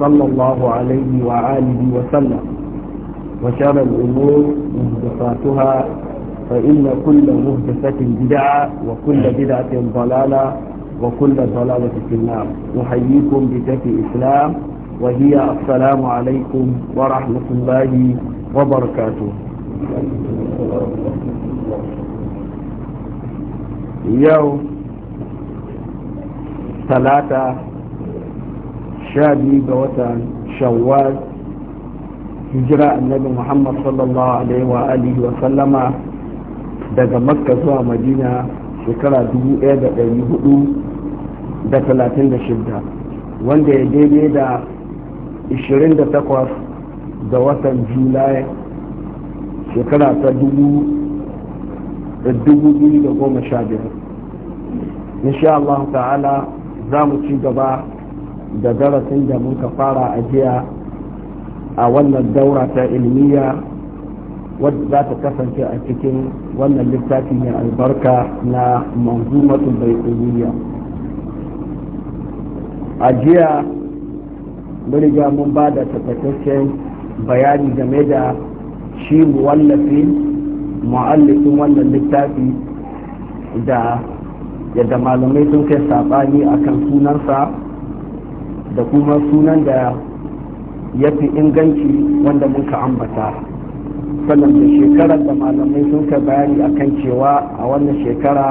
صلى الله عليه وآله وسلم وشر الأمور مهدفاتها فإن كل مهدفة بدعة وكل بدعة ضلالة وكل ضلالة في النار نحييكم بتكي الإسلام وهي السلام عليكم ورحمة الله وبركاته يوم ثلاثة sha ga watan shawwal hijira annabi muhammad sallallahu alaihi wa alihi wa sallama daga makka zuwa madina shekara 1436 wanda ya daidai da 28 ga watan julai shekara ta 2015 insha Allah ta'ala za mu ci gaba da darasin da muka fara a jiya a wannan daura ta ilmiya wadda za ta kasance a cikin wannan littafi mai albarka na manzumatul bai'uliyya a jiya mun riga mun ba da tabbataccen bayani game da shi muwallafi mu'allifin wannan littafi da yadda malamai sun kai saɓani kan sunansa da kuma sunan da ya fi inganci wanda muka ambata sannan da shekarar da malamai sun ka bayani a kan cewa a wannan shekara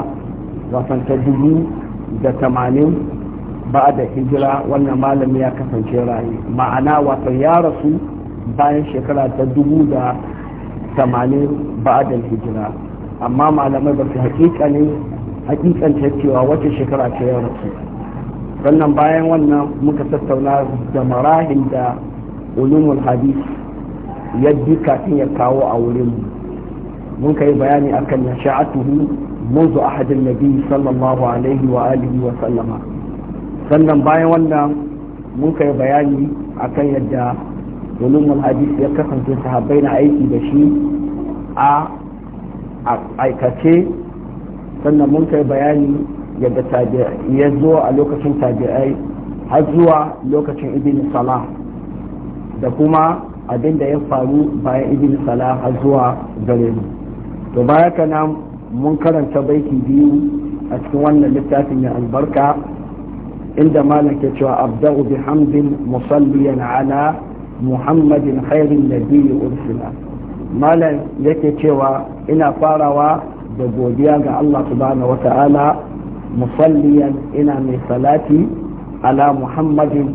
wasan ta dubu da tamanin ba da hijira wannan malami ya kasance rayu ma'ana wasan ya rasu bayan shekara ta dubu da tamanin ba da hijira amma malamai ba su hakikanin hakikanta cewa wace shekara ce ya rasu sannan bayan wannan muka tattauna da marahin da ulumul hadis duka kafin ya kawo a wurin mun kai bayani akan ya sha'atuhu منذ أحد sallallahu alaihi الله alihi wa sallama sannan bayan wannan mun kai bayani akan yadda ulumul hadis ya kasance sahabbai na aiki da shi a aikace sannan mun kai bayani yadda ya zo a lokacin tabi'ai har zuwa lokacin ibn salah da kuma abin da ya faru bayan ibn salah har zuwa gare mu to baya kana mun karanta baiki biyu a cikin wannan littafin mai albarka inda malam ke cewa bi hamdin musalliyan ala muhammadin khairin nabiyyi ursula malam yake cewa ina farawa da godiya ga Allah subhanahu ta'ala. musalliyan ina mai salati ala muhammadin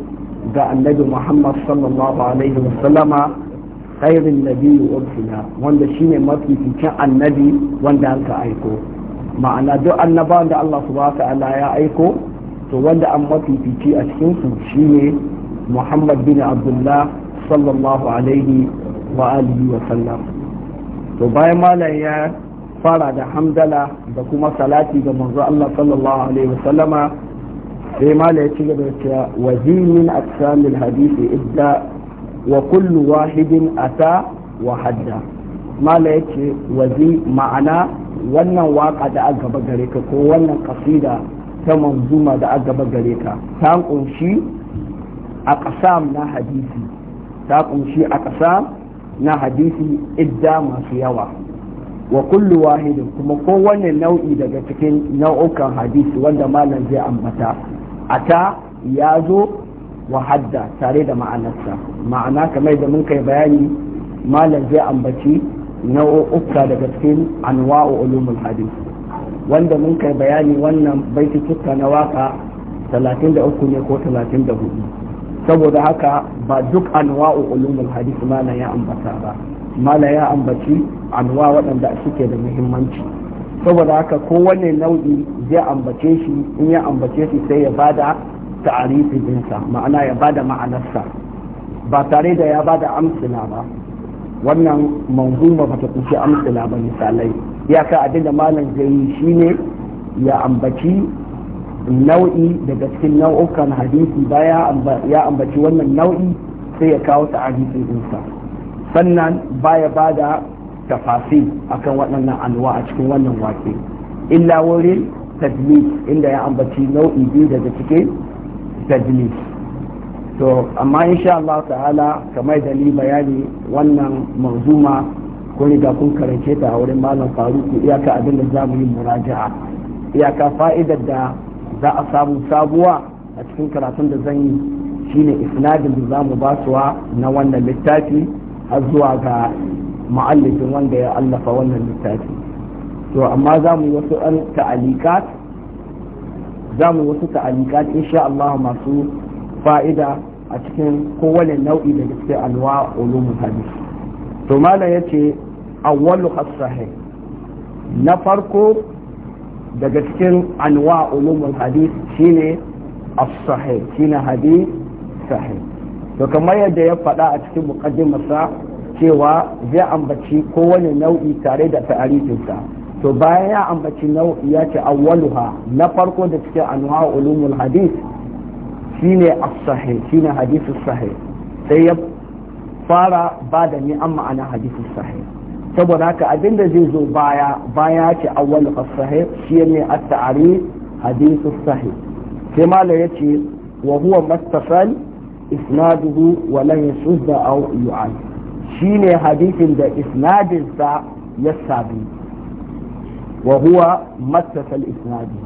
ga annabi muhammad sallallahu alaihi wasallama khairin nabi ursila wanda shine mafificin annabi wanda ka aiko ma'ana duk annabawan da Allah su subhanahu ta'ala ya aiko to wanda an mafifici a cikinsu shine muhammad bin abdullah sallallahu alaihi wa alihi wa sallam to bayan malam ya fara da hamdala da kuma salati ga manzo Allah sallallahu alaihi wasallama sai mala ya ci gaba da cewa wa min aqsamil hadisi idda wa kullu wahidin ata wa hadda mala ya ce wazi ma'ana wannan waka da aka gaba gare ka ko wannan kasida ta manzuma da aka gaba gare ka ta kunshi aqsam na hadisi ta kunshi aqsam na hadisi idda masu yawa wa kullu wahidin kuma kowane nau'i daga cikin nau'ukan hadisi wanda malam zai ambata ta ya zo wa hadda tare da ma'anarsa ma'ana kamar da mun kai bayani malam zai ambaci nau'uka daga cikin anwa'u ulumul hadis wanda mun kai bayani wannan baitutukka na waka 33 ne ko 34 saboda haka ba duk anwa'u ulumul hadis malam ya ambata ba mala ya ambaci anwa waɗanda suke da muhimmanci saboda haka kowane nau'i zai ambace shi in ya ambace shi sai ya bada ta'arifi dinsa ma'ana ya bada ma'anarsa ba tare da ya bada amsila ba wannan manzuma ba ta kushe amsila ba misalai iyaka abin da malam zai yi shine ya ambaci nau'i daga cikin nau'ukan hadisi baya ya ambaci wannan nau'i sai ya kawo ta'arifi dinsa sannan baya ba da tafasi akan waɗannan anuwa a cikin wannan wake illa wurin tadlis inda ya ambaci nau'i biyu daga cikin tadlis to amma insha Allah ta'ala kamar da ni bayani wannan manzuma ni riga kun karance ta a wurin malam faruku iyaka abin da za mu yi muraja'a iyaka fa'idar da za a samu sabuwa a cikin karatun da zan yi shine isnadin da za mu basuwa na wannan littafi har zuwa ga ma'allifin wanda ya allafa wannan littafi to amma za mu yi wasu ta'alikat za mu yi wasu ta'alikat insha Allah masu fa'ida a cikin kowane nau'i da gaske alwa ulumul hadis to malam yace awwalu as-sahih na farko daga cikin anwa ulumul hadis shine as-sahih shine hadis sahih to kamar yadda ya faɗa a cikin mukaddimarsa cewa zai ambaci kowane nau'i tare da ta'arifinsa to bayan ya ambaci nau'i ya ce awwaluha na farko da cikin anwa ulumul hadith shine as-sahih shine hadithu sahih sai ya fara ba da ni ma'ana hadithu sahih saboda haka abinda zai zo baya baya ce awwalu as-sahih shine at taarif hadithu sahih sai malai yace wa huwa isnaduhu wa lan yashudda aw yu'al shine hadisin da isnadin ya sabi wa huwa mattasal isnadi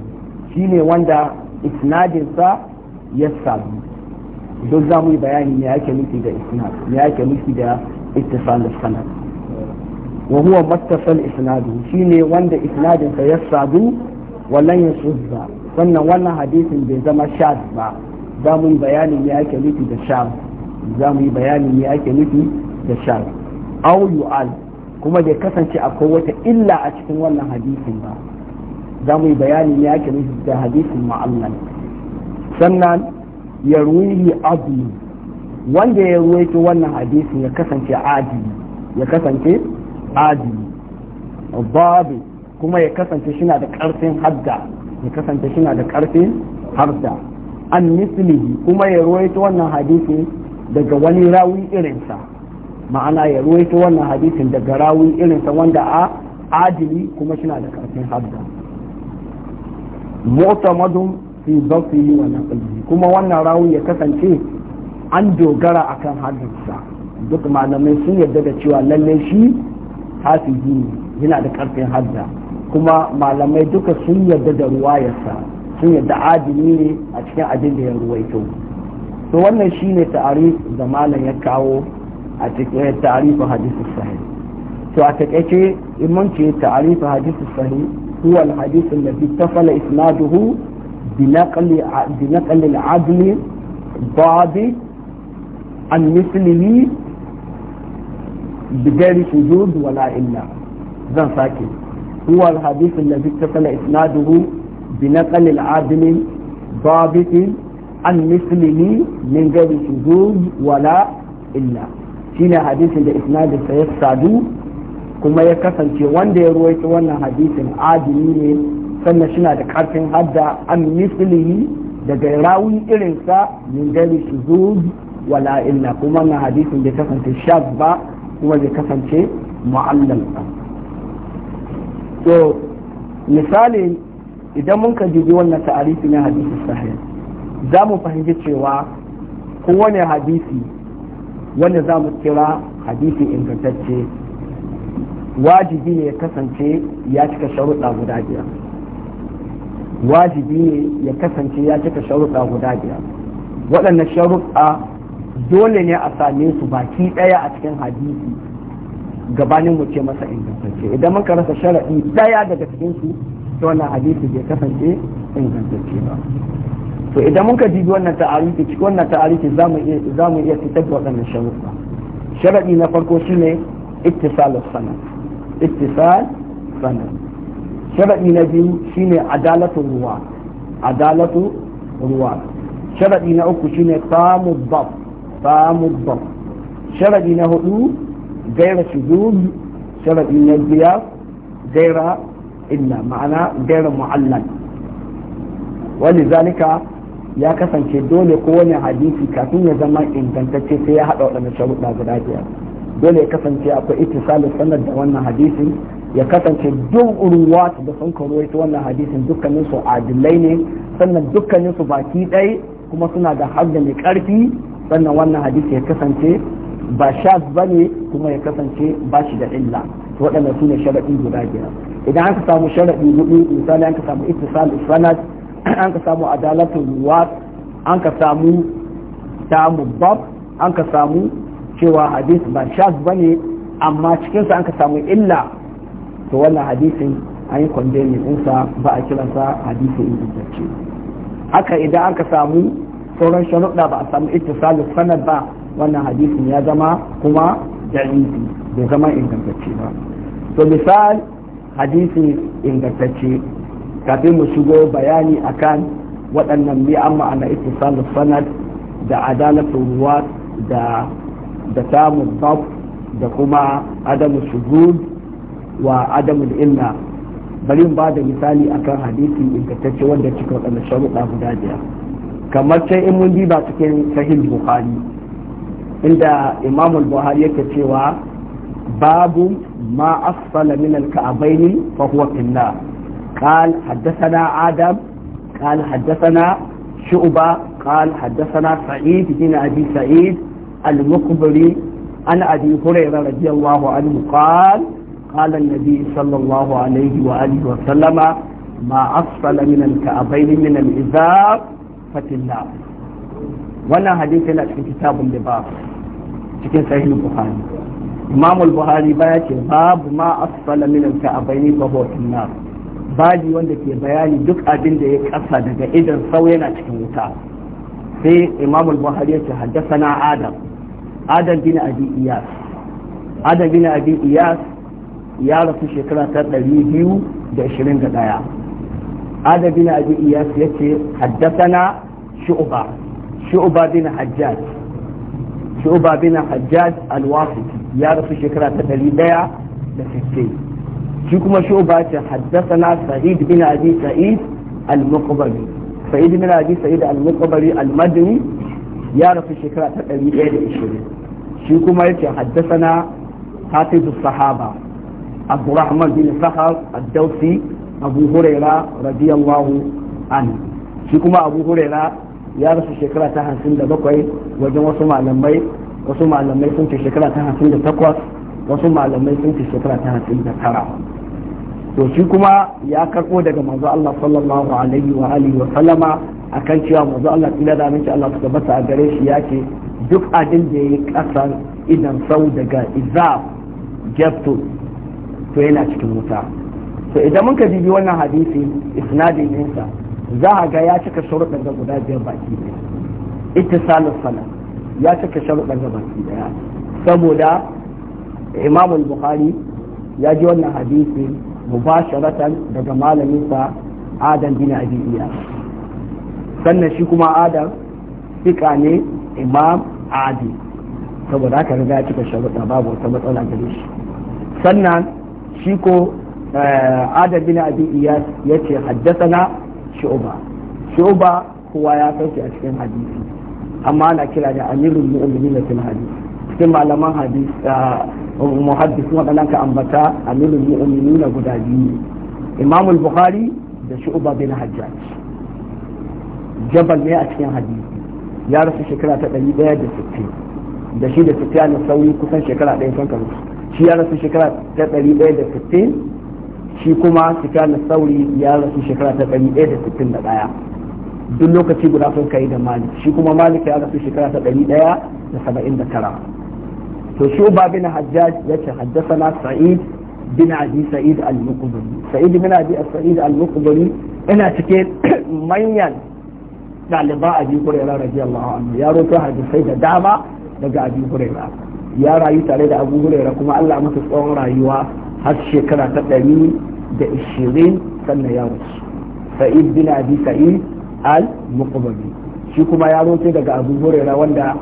shine wanda isnadin ya sabi don za mu yi bayani me yake nufi da isnad me yake nufi da ittisal sanad wa wanda isnadin ya sabi wa sannan wannan hadisin bai zama shad ba za mu yi bayanin me ake nufi da sham za mu yi bayanin me ake nufi da sham au yu'al kuma bai kasance akwai wata illa a cikin wannan hadisin ba za mu yi bayanin me ake nufi da hadisin ma'allan sannan ya ruhi abu wanda ya ruwaito wannan hadisin ya kasance adili ya kasance adili babu kuma ya kasance shi na da ƙarfin hadda ya kasance shi na da ƙarfin hadda an mislihi kuma ya ruwaito wannan hadisin daga wani rawi irinsa ma'ana ya ruwaito wannan hadisin daga rawi irinsa wanda a adili kuma shi na da karfin hadda mu'tamadun fi yi wa naqlihi kuma wannan rawi ya kasance an dogara akan hadinsa duk malamai sun yarda da cewa lalle shi hafizi yana da karfin hadda kuma malamai duka sun yarda da ruwayarsa sun yadda adini ne a cikin abin da ya ruwaito to wannan shine ta'arif da malam ya kawo a cikin ta'arifin hadisi sahih to a takaice imam ce ta'arifin hadisi sahih huwa al-hadith alladhi tafala isnaduhu bi naqli بنقل العدل ضابط عن مثله بغير شذوذ ولا إلا ذا ساكن هو الحديث الذي اتصل إسناده بنقل العادل ضابط عن مثله من غير شذوذ ولا إلا شين حديث ده إسناد سيسعدو كما يكسن شي وان ده رويت وانا حديث عادل sannan shina da karfin hadda an mislihi daga rawun irinsa min gari shi wala illa kuma na hadisin bai kasance shaz ba kuma ya kasance mu'allal ba to misalin. idan mun ka jibi wannan ta'arifi na hadisi sahih za mu fahimci cewa kowane hadisi wanda za mu kira hadisi ingantacce wajibi ne ya kasance ya cika sharuɗa guda biyar wajibi ne ya kasance ya cika sharuɗa guda biyar waɗannan sharuɗa dole ne a same su baki ɗaya a cikin hadisi gabanin mu ce masa ingantacce idan muka rasa sharaɗi ɗaya daga cikinsu ta wannan hadisi bai kasance ingantacce ba to idan muka ji wannan ta'arifi cikin wannan ta'arifi za mu iya fitar da waɗannan sharuɗa sharaɗi na farko shine ittisal sanad ittisal sanad sharaɗi na biyu shine adalatu ruwa adalatu ruwa sharaɗi na uku shine samu bab samu bab sharaɗi na hudu gaira shuzuz sharaɗi na biyar gaira illa ma'ana gairu mu'allal wani zalika ya kasance dole kowane hadisi kafin ya zama ingantacce sai ya haɗa waɗannan sharuɗa guda biyar dole ya kasance akwai ittisalin sanad da wannan hadisin ya kasance duk ruwat da sun ita wannan hadisin dukkanin su adilai ne sannan dukkanin su baki ɗaya kuma suna da hadda mai ƙarfi sannan wannan hadisi ya kasance ba shaz bane kuma ya kasance ba shi da illa waɗanda su ne sharaɗin guda biyar idan an ka samu sharaɗi hudu misali an ka samu ittisal sanad an ka samu adalatul ruwat an ka samu tamu bab an ka samu cewa hadis ba shaz bane amma cikinsa sa an ka samu illa to wannan hadisin an yi condemning ɗinsa ba a kiransa hadisi ingantacce haka idan an ka samu sauran sharuɗa ba a samu ittisalin sanad ba wannan hadisin ya zama kuma da'ifi bai zama ingantacce ba to misal hadisi ingantacce kafin mu shigo bayani akan waɗannan mi an ma'ana ittisalus sanad da adalatul ruwa da da samun bab da kuma adamu shuhud wa adamu illa bari ba da misali akan hadisi ingantacce wanda cika waɗannan sharuɗa guda biyar kamar sai in mun diba cikin sahih bukhari inda imamul buhari yake cewa babu ما أسفل من الكعبين فهو في النار قال حدثنا آدم قال حدثنا شعبة قال حدثنا سعيد بن أبي سعيد المقبري عن أبي هريرة رضي الله عنه قال قال النبي صلى الله عليه وآله وسلم ما أسفل من الكعبين من الإزار ففي النار وانا حديثنا في كتاب اللباس في صحيح البخاري imamul buhari baya ce babu ma asfala min al-ka'abaini fa huwa nar baji wanda ke bayani duk abinda ya kasa daga idon sau yana cikin wuta sai imamul buhari ya ce haddasana adam adam bin abi iyas adam bin abi iyas ya rasu shekara ta 221 adam bin abi iyas ya ce haddasana shu'ba shu'ba bin hajjaj shuba bin hajjaj al-wasiti ya rasu shekara ta ɗari ɗaya da sittin shi kuma shuba ce haddasana sa'id bin abi sa'id al-muqbari sa'id bin abi sa'id al-muqbari al-madani ya rasu shekara ta ɗari ɗaya da ishirin shi kuma yace na hafizu sahaba abdurrahman bin sahar ad-dawsi abu huraira radiyallahu anhu shi kuma abu ya rasu shekara ta hamsin da bakwai wajen wasu malamai wasu malamai sun ce shekara ta hamsin da takwas wasu malamai sun ce shekara ta hamsin da tara to shi kuma ya karɓo daga manzo Allah sallallahu alaihi wa alihi wa sallama akan cewa manzo Allah kila da mace Allah suka bata a gare shi yake duk adin da yayi kasar idan sau daga izab jabtu to yana cikin wuta to idan mun ka bibi wannan hadisi isnadin ɗinsa za a ga ya cika sharuɗan da guda biyar baki ɗaya ittisalus salat ya cika sharuɗan da baki ɗaya saboda imam bukhari ya ji wannan hadisi mubasharatan daga malaminsa adam bin abi sannan shi kuma adam fika ne imam adi saboda haka riga ya cika sharuɗa babu wata matsala gare shi sannan shi ko eh, adam bin abi iyas ya ce haddasana shu'ba shu'ba kowa ya san a cikin hadisi amma ana kira da amirul mu'minin fil hadisi cikin malaman hadisi ah, muhaddisin waɗannan ka ambata amirul mu'minin guda biyu Imam al bukhari da shu'ba bin hajjaj jabal ne a cikin hadisi ya rasu shekara ta ɗari ɗaya da sittin da shi da sufyan sauri kusan shekara ɗaya sun karu shi ya rasu shekara ta ɗari ɗaya da sittin shi kuma sufyan sauri ya rasu shekara ta ɗaya duk lokaci guda sun kai da malik shi kuma malik ya rasu shekara ta 179 to shi uba bin hajjaj ya ce haddasa sa'id bin abi sa'id al-muqdiri sa'id bin abi sa'id al-muqdiri ina cike manyan ɗaliba abi hurairah radiyallahu anhu ya roto hadisai da dama daga abi hurairah ya rayu tare da abu hurairah kuma Allah masa tsawon rayuwa har shekara ta ɗari da ishirin sannan ya rasu sa'id bin abi sa'id al muqbali shi kuma ya roce daga abu hurera wanda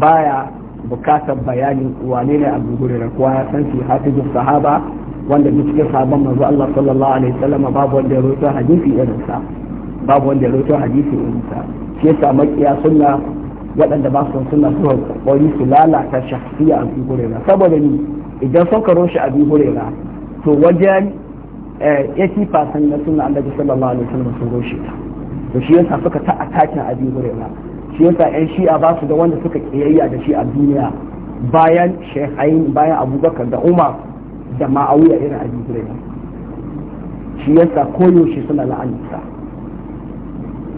baya bukatar bayanin wane ne abu hurairah kowa ya san shi hafizu sahaba wanda duk cikin sahaban manzo Allah sallallahu alaihi wasallam babu wanda ya roce hadisi irinsa sa babu wanda ya roce hadisi irin sa shi yasa makiya sunna waɗanda ba su suna suna kokari su lalata shafiya a biyu hurera saboda ni idan sun karo shi a biyu hurera to wajen fasan eh, na suna daga sallallahu alaihi wasallam sun roshe ta to shi yasa suka ta atakin a hurera shi yasa yan shi'a ba su da wanda suka kiyayya da shi a duniya bayan shehain bayan abubakar da umar da ma'awiya irin abi hurera shi yasa koyaushe suna la'anarsa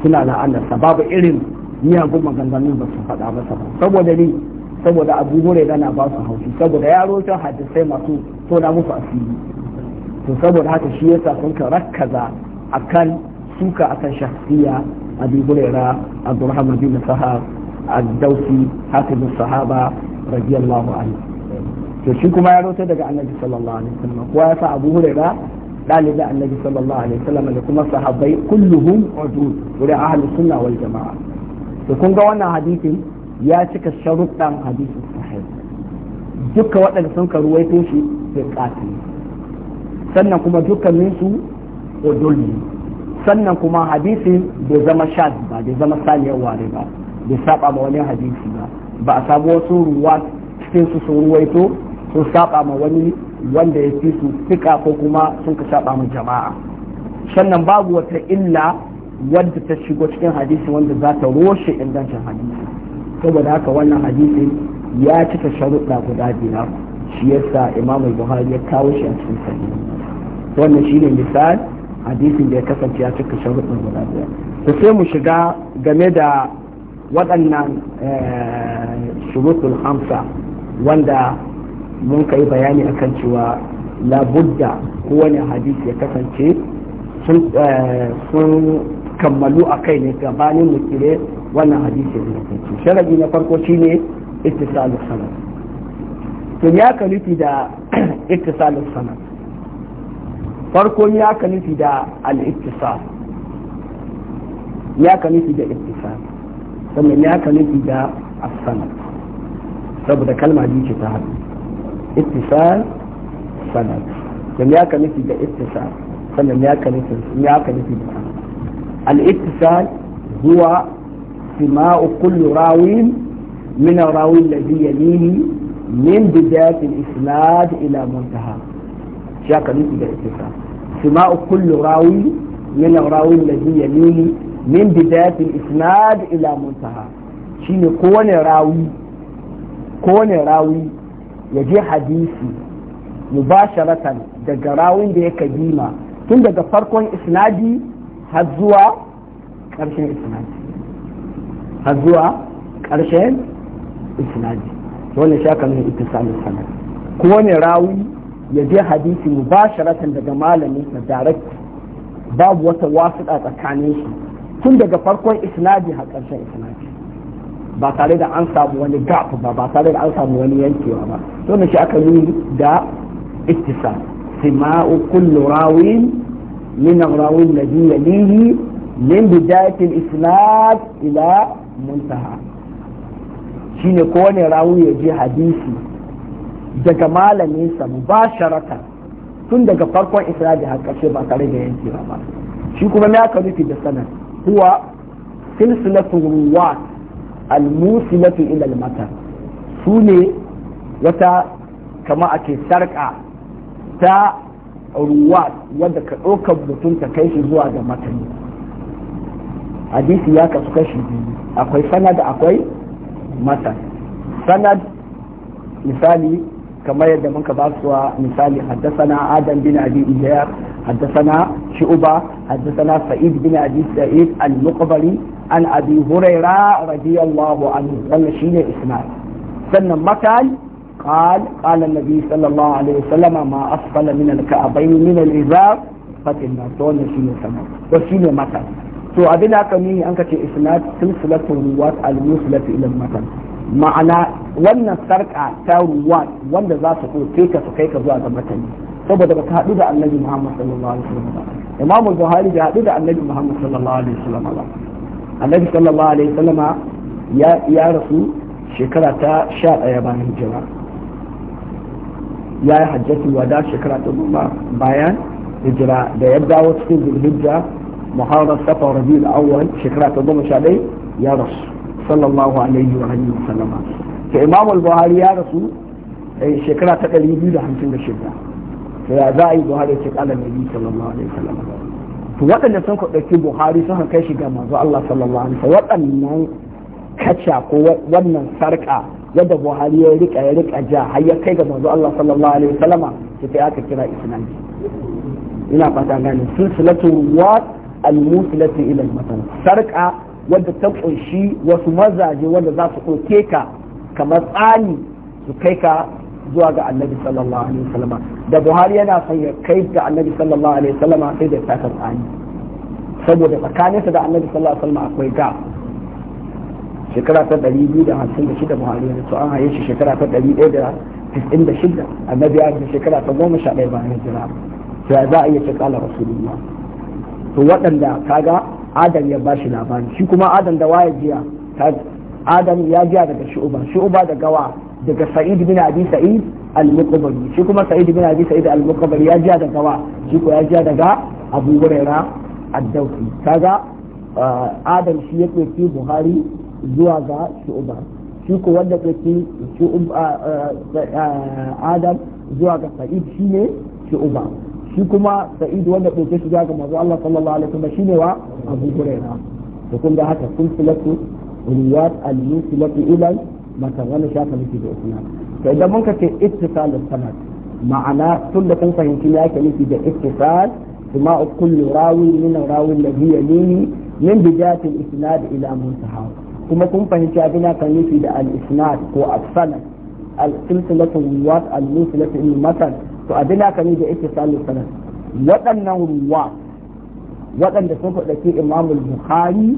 suna la'anarsa babu irin miyagun maganganun ba su faɗa masa ba saboda ni saboda abu huraira na ba su haushi saboda ya roƙe hadisai masu tona musu asiri to saboda haka shi yasa sun ka rakkaza akan suka akan shahsiya abi huraira abdurrahman bin sahab ad-dawsi hafiz sahaba radiyallahu anhu to shi kuma ya roƙe daga annabi sallallahu alaihi wasallam kuwa ya sa abu huraira ɗalibin annabi sallallahu alaihi wasallam da kuma sahabbai kulluhum udud wurin ahlus sunna wal jama'a to kun ga wannan hadisin ya cika sharuɗan hadisin sahih duka waɗanda sun ka ruwaito shi ƙafi sannan kuma dukkanin su udul sannan kuma hadisin bai zama shad ba bai zama saniyar ware ba bai saba ma wani hadisi ba ba a samu wasu ruwa cikin su sun ruwaito sun saba ma wani wanda ya fi su fika ko kuma sun ka saba ma jama'a sannan babu wata illa wadda ta shigo cikin hadisi wanda za ta roshe ingancin hadisi saboda haka wannan hadisin ya cika sharuɗa guda biyar shi yasa imamu buhari ya kawo shi a cikin sahihi wannan shine misal hadisin da ya kasance ya cika sharuɗa guda biyar to sai mu shiga game da waɗannan eh, shurutul hamsa wanda mun ka yi bayani akan cewa labudda kowane hadisi ya kasance sun eh, kammalu a kai ne gabanin mu kire wannan hadisi da yake sharadi na farko shine ittisalus sanad to ya ka nufi da ittisalus sanad farko ya ka nufi da al-ittisal ya ka nufi da ittisal sannan ya ka nufi da as-sanad saboda kalma biyu ce ta haɗu ittisal sanad sannan ya ka nufi da ittisal sannan ya ka nufi da sanad الاتصال هو سماء كل راوي من الراوي الذي يليه من بداية الإسناد إلى منتهى شاك نتيجة الاتصال سماء كل راوي من الراوي الذي يليه من بداية الإسناد إلى منتهى شيني كون راوي كون راوي يجي حديثي مباشرة دجراوي ديك كديمة تن دقى فرقون إسنادي har zuwa ƙarshen isnadi har zuwa ƙarshen isnadi wannan shi aka nuna ittisalin sanad ko wani rawi ya je hadisi mubasharatan daga malamin sa direct babu wata wasiƙa tsakanin shi tun daga farkon isnadi har ƙarshen isnadi ba tare da an samu wani gap ba ba tare da an samu wani yankewa ba to shi aka nuna da ittisal sima'u kullu rawin من الراوي الذي يليه من بداية الإسناد إلى منتهى shine kowane rawu ya je hadisi daga malaminsa mubasharatan tun daga farkon isnadi har ƙarshe ba tare da yankewa ba shi kuma na aka nufi da sanar huwa silsilatu ruwat al-musilatu ila al-matan su ne wata kama ake sarƙa ta ruwa wanda ka ɗaukar mutum ka kai shi zuwa ga matani hadisi ya kasu kashi biyu akwai sanad akwai matan sanad misali kamar yadda muka ba su misali haddasana adam bin abi ijiyar haddasana shu'uba haddasana sa'id bin abi sa'id al-muqbari an abi huraira radiyallahu anhu wannan shine isnad sannan matan قال قال النبي صلى الله عليه وسلم ما أسفل من الكعبين من الإزار فتنا تون شيء سما وشيء متن تو أبدا كمي أنك إسناد سلسلة رواة الموصلة إلى المتن ma'ana wannan sarka ta ruwa wanda za su ɗauke ka kai ka zuwa ga matani saboda baka haɗu da annabi Muhammad sallallahu alaihi wasallam ba Imam Buhari bai haɗu da annabi Muhammad sallallahu alaihi wasallam ba annabi sallallahu alaihi wasallam ya ya rasu shekara ta 11 bayan hijira ya yi hajjatul wada shekara ta goma bayan hijira da ya dawo cikin zulhijja muharram safa rabiul awwal shekara ta goma sha ɗaya ya rasu sallallahu alaihi wa alihi wasallama to imam al-buhari ya rasu eh, shekara ta ɗari biyu da 256 to ya za a yi buhari ce kala nabi sallallahu alaihi sallama to waɗanda sun ka buhari sun kai shi ga manzo Allah sallallahu alaihi wasallam waɗannan kaca ko wannan sarka yadda buhari ya rika ya rika ja har ya kai ga manzo Allah sallallahu alaihi wasallama sai kai aka kira isnadi ina fata gane silsilatu ruwat al-musilati ila al-matan sarka wadda ta kunshi wasu mazaje wanda za su ɗauke ka kamar tsani su kai ka zuwa ga annabi sallallahu alaihi wasallama da buhari yana son ya kai ga annabi sallallahu alaihi wasallama sai da ta tsani saboda tsakaninsa da annabi sallallahu alaihi wasallama akwai gap shekara ta ɗari biyu da da hamsin shida buhari ne to an haye shi shekara ta ɗari ɗaya da 196 annabi ya ce shekara ta goma 11 bayan hijira sai za a iya ce kala rasulullah to waɗanda kaga adam ya bashi labari shi kuma adam da waye jiya adam ya jiya daga shu'uba shu'uba da gawa daga sa'id bin abi sa'id al-muqbari shi kuma sa'id bin abi sa'id al-muqbari ya jiya daga wa shi ko ya jiya daga abu hurairah ad-dawsi kaga ah, adam shi yake fi buhari zuwa ga shu'ba shi ko wanda kake eh, eh, eh, adam zuwa ga sa'id shine shu'ba shi kuma sa'id wanda kake shi zuwa ga manzo Allah sallallahu alaihi wasallam shine wa Abu Hurairah to kun ga haka kun filatu riwayat al-musilatu ilal mata wani shafa miki da isnad to idan mun ka kace ittisal sanad ma'ana tun da kun fahimci me yake nufi da ittisal kuma kullu rawi min rawi alladhi yalini min bidatil isnad ila muntahahu kuma kun fahimci abin kan nufi da al-isnad ko as-sanad al-silsilatu ruwat al-musilatu in masal to abin kan nufi da yake salu sanad waɗannan ruwat waɗanda sun faɗaki al bukhari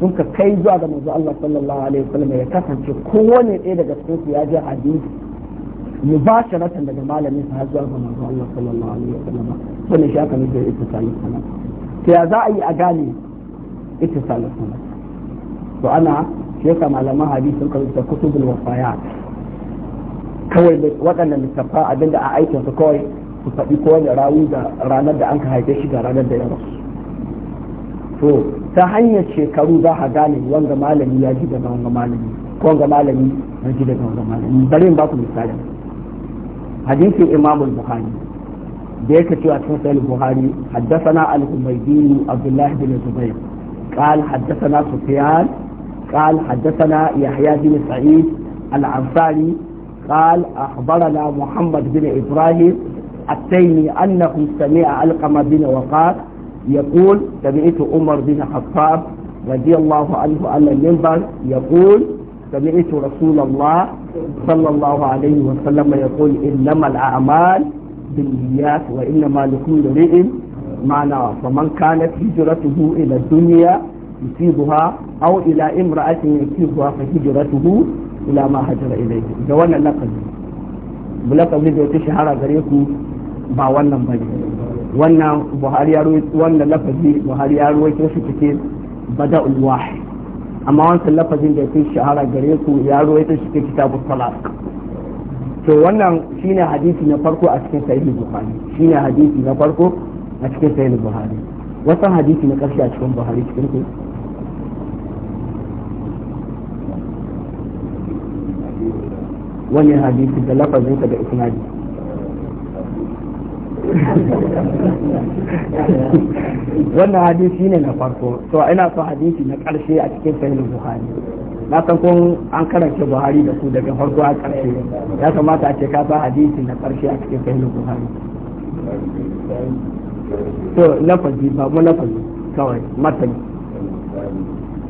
sun ka kai zuwa ga manzo Allah sallallahu alaihi wasallam ya kasance kowane ɗaya daga cikin su ya ji hadisi mubasharatan daga malamin sa zuwa ga manzo Allah sallallahu alaihi wasallam to ne shaka ne da ittisalin sana to ya za a yi a gane ittisalin sana to ana shi yasa malaman hadisi sun karanta kutubul wasayat kawai waɗannan littafa abinda a aikinsu kawai su faɗi kowane rawu da ranar da an ka haife shi da ranar da ya rasu to ta hanyar shekaru za a gane wanga malami ya ji daga wanga malami ko wanga malami ya ji daga wanga malami bari in baku misali hadisin imam al-bukhari da yake cewa cikin sahih al-bukhari haddathana al-humaydi abdullah bin zubair قال حدثنا سفيان قال حدثنا يحيى بن سعيد الأنصاري قال أخبرنا محمد بن إبراهيم التيمي أنه سمع ألقمة بن وقاص يقول سمعت عمر بن الخطاب رضي الله عنه على المنبر يقول سمعت رسول الله صلى الله عليه وسلم يقول إنما الأعمال بالنيات وإنما لكل امرئ ما نوى فمن كانت هجرته إلى الدنيا yusibuha أو ila imra'atin yusibuha فهجرته إلى ila هجر إليه جوانا لقد wannan laqabi laqabi da wata shahara gare ku ba wannan bane wannan wannan lafazi بدأ أما وانا لقد تشهر shahara to wannan shine hadisi na farko a cikin sahihi bukhari shine hadisi na farko a cikin sahihi bukhari wasan hadisi na karshe a cikin buhari cikin ku wani hadisi da lafazinsa da isnadi wannan hadisi ne na farko to ina son hadisi na karshe a cikin sahihul buhari na san kun an karanta buhari da su daga farko a karshe ya kamata a ce ka san hadisi na karshe a cikin sahihul buhari to lafazi ba mu lafazi kawai matan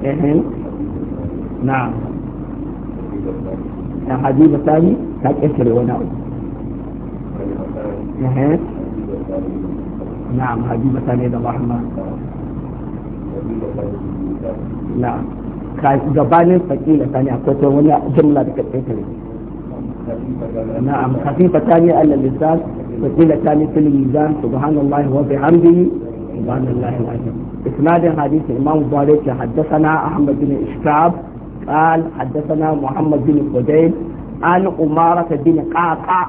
ehem na أحاديث الثاني نعم حديث الثاني نعم كان جبالي نعم خفيفة ثانية على اللسان وكيلة ثانية في الميزان سبحان الله وبحمده سبحان الله العظيم إسناد حديث الإمام البخاري حدثنا أحمد بن إشكاب قال حدثنا محمد بن خديل عن أمارة بن قعقع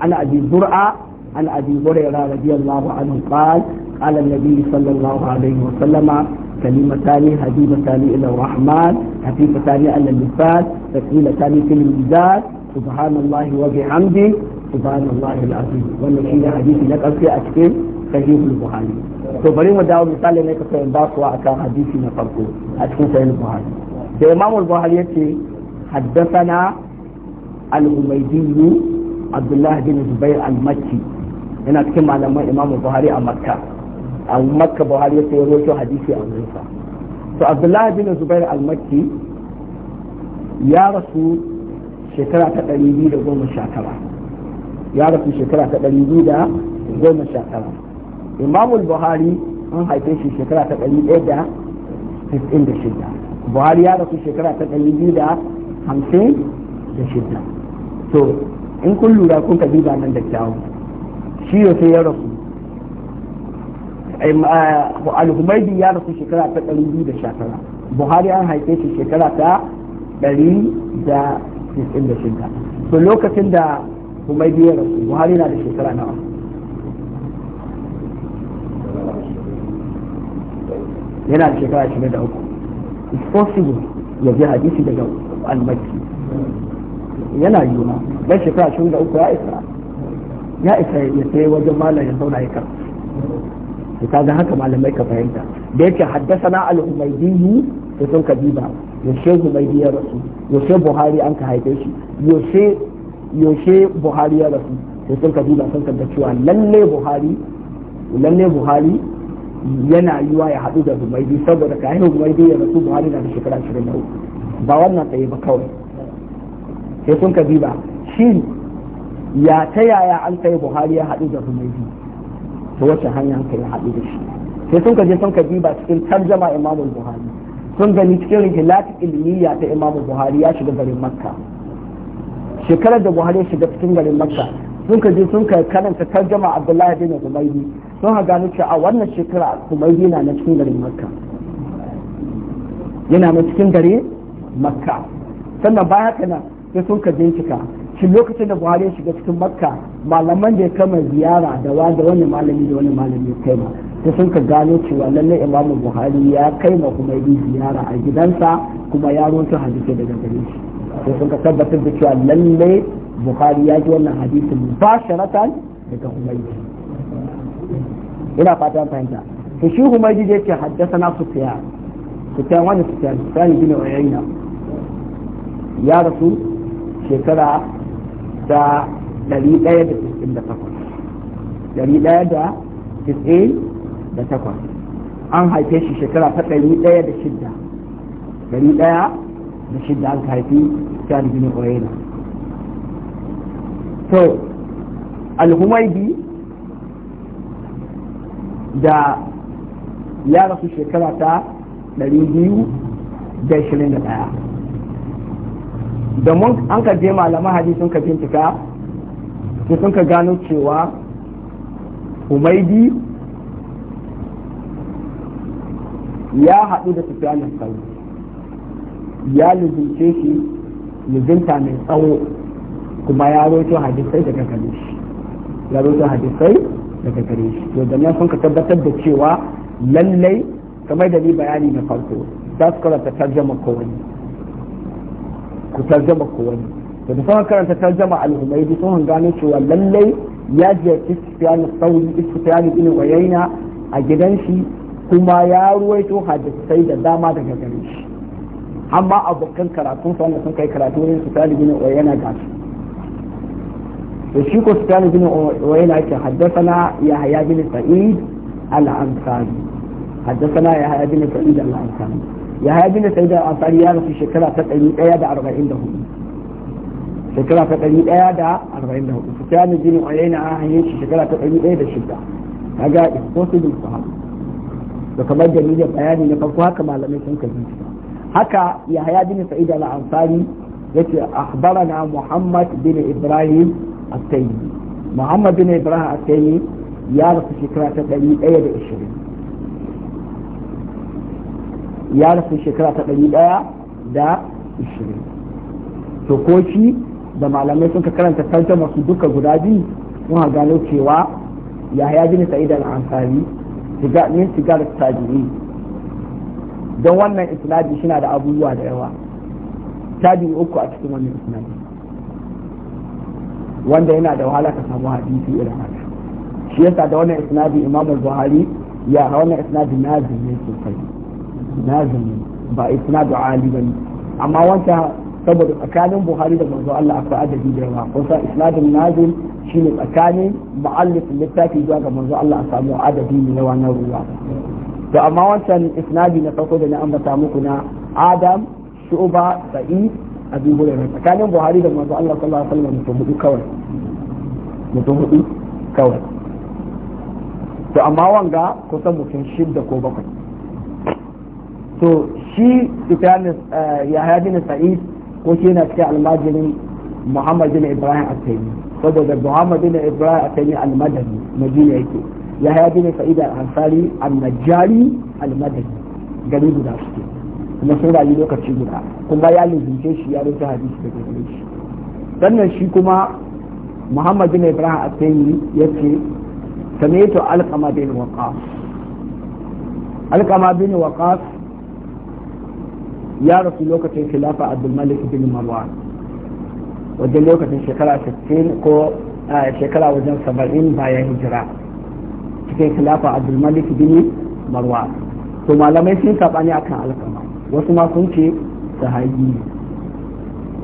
عن أبي زرعة عن أبي هريرة رضي الله عنه قال قال النبي صلى الله عليه وسلم كلمتان هديمتان إلى الرحمن خفيفتان على اللسان ثقيلتان في الميزان سبحان الله وبحمده سبحان الله العظيم ونحن حديث لك في أكثر صحيح البخاري sahihul buhari to bari mu dawo misali ne ka sayan basuwa akan da imam al-buhari yace haddathana al-umaydi abdullah bin zubair al-makki yana cikin malaman imam al-buhari a makka a makka buhari yace ya rawaito hadisi a wurinsa to abdullah bin zubair al-makki ya rasu shekara ta 219 ya rasu shekara ta 219 imam al-buhari an haife shi shekara ta 196 buhari ya rasu shekara ta ɗari biyu da hamsin da shida to in kun lura kun ka duba nan da kyawun shi sai ya rasu al-humaydi ya rasu shekara ta ɗari biyu da sha buhari an haife shi shekara ta ɗari da tisin da shida to lokacin da humaydi ya rasu buhari na da shekara nawa yana da shekara ashirin da uku it's possible ya ji hadisi daga al-makki yana yiwuwa dan shekara uku ya isa ya isa ya sai wajen malam ya zauna ya karɓa to kaga haka malamai ka fahimta da yake haddasana al-humaydi to sun kabiba. diba yaushe humaydi ya rasu yaushe buhari an ka haife shi yaushe yaushe buhari ya rasu to sun ka diba sun ka cewa lalle buhari lalle buhari yana yiwa ya haɗu da zubaidi saboda ka haihu zubaidi ya rasu buhari na da shekara ashirin da ba wannan tsaye ba kawai sai sun ka ba shi ya ta yaya an kai buhari ya haɗu da zubaidi ta wace hanya an kai ya haɗu da shi sai sun ka je sun ka ba cikin tarjama imamul buhari sun gani cikin rihilat ilmiya ta imamul buhari ya shiga garin makka shekarar da buhari ya shiga cikin garin makka sun ka je sun ka karanta tarjama abdullahi bin zubaidi Sun ha gano cewa a wannan shekara kumai yana na cikin garin makka yana na cikin gare makka sannan baya kana sai sun ka bincika shi lokacin da buhari ya shiga cikin makka malaman da ya kama ziyara da wanda wani malami da wani malami ya kai ma ta sun ka gano cewa lallai imamu buhari ya kai ma kuma yi ziyara a gidansa kuma ya rusa hadisi daga gare shi ta sun ka tabbatar da cewa lallai buhari ya ji wannan hadisin ba sharatan daga kuma yi ina fatan fahimta to shi haddasa na su haddasana su sufyan wani sufyan sufyan gina wayan ya rasu shekara ta 198 an haife shi shekara ta 106 daya da shidda an haifi sufyan bin uyayna to al-humaydi da ya rasu shekara ta 221 da mun an ka je malaman hadisin ka bincika sai sun ka gano cewa umaidi ya haɗu da sufiyanin sauri ya lubince shi lubinta mai tsawo kuma ya roto hadisai daga gare shi ya roto hadisai daga gare shi to da sun ka tabbatar da cewa lallai kamar da ni bayani na farko za su karanta tarjama kowani ku tarjama kowani to da sun karanta tarjama al-humaydi sun gano cewa lallai ya je isfiyani sauri isfiyani bin wayaina a gidan shi kuma ya ruwaito hadisai da dama daga gare shi amma abokan karatun sa wanda sun kai karatu wurin su talibin wayaina ga وشيكو سفيان بن ويلة حدثنا يحيى بن سعيد الأنصاري حدثنا يحيى بن سعيد الأنصاري يحيى بن سعيد الأنصاري يا في شكرا تقريب أياد أربعين لهم شكرا تقريب أياد أربعين لهم سفيان بن ويلة هي شكرا تقريب أياد الشدة هذا إخوصي بالصحابة وكمان جميل بياني فكوا كما لم يكن كذلك هكا يحيى بن سعيد الأنصاري يتي أخبرنا محمد بن إبراهيم التيمي محمد بن إبراهيم التيمي يارس شكرا تقليل أي ya rasu shekara ta ɗari ɗaya da ishirin to da malamai sun ka karanta tarjama masu duka guda biyu sun gano cewa yahaya bin sa'id al-ansari min sigar tajiri don wannan isnadi shi da abubuwa da yawa tabi uku a cikin wannan isnadi wanda yana da wahala ka samu hadisi irin haka shi yasa da wannan isnadi imam al-buhari ya wannan isnadi nazim ne sosai nazim ba isnadu ali ne amma wancan saboda tsakanin buhari da manzo Allah akwai adadi da yawa kun san isnadin nazim shine tsakanin mu'allif littafi zuwa ga manzo Allah a samu adadi mai yawa na ruwa to amma wancan isnadi na farko da na ambata muku na adam shu'ba sa'id abi hurairah tsakanin buhari da manzo Allah sallallahu alaihi wasallam mutum hudu kawai mutum hudu kawai to amma wanga kusan mutum shidda ko bakwai to shi ya eh, Yahya na Sa'id ko shi yana cikin almajirin Muhammad bin Ibrahim At-Taymi saboda Muhammad bin Ibrahim At-Taymi al-Madani Madina yake Yahya bin Sa'id al-Ansari al-Najjari al-Madani gari guda suke kuma sun rayu lokaci guda kuma ya lizince shi ya rubuta hadisi daga gare shi sannan shi kuma muhammad bin ibrahim atayyi yace sami'tu alqama bin waqas alqama bin waqas ya rasu lokacin khilafa abdul malik bin marwan wajen lokacin shekara 60 ko shekara wajen 70 bayan hijira cikin khilafa abdul malik bin marwan to malamai sun ne akan alqama wasu ma sun ce sahabi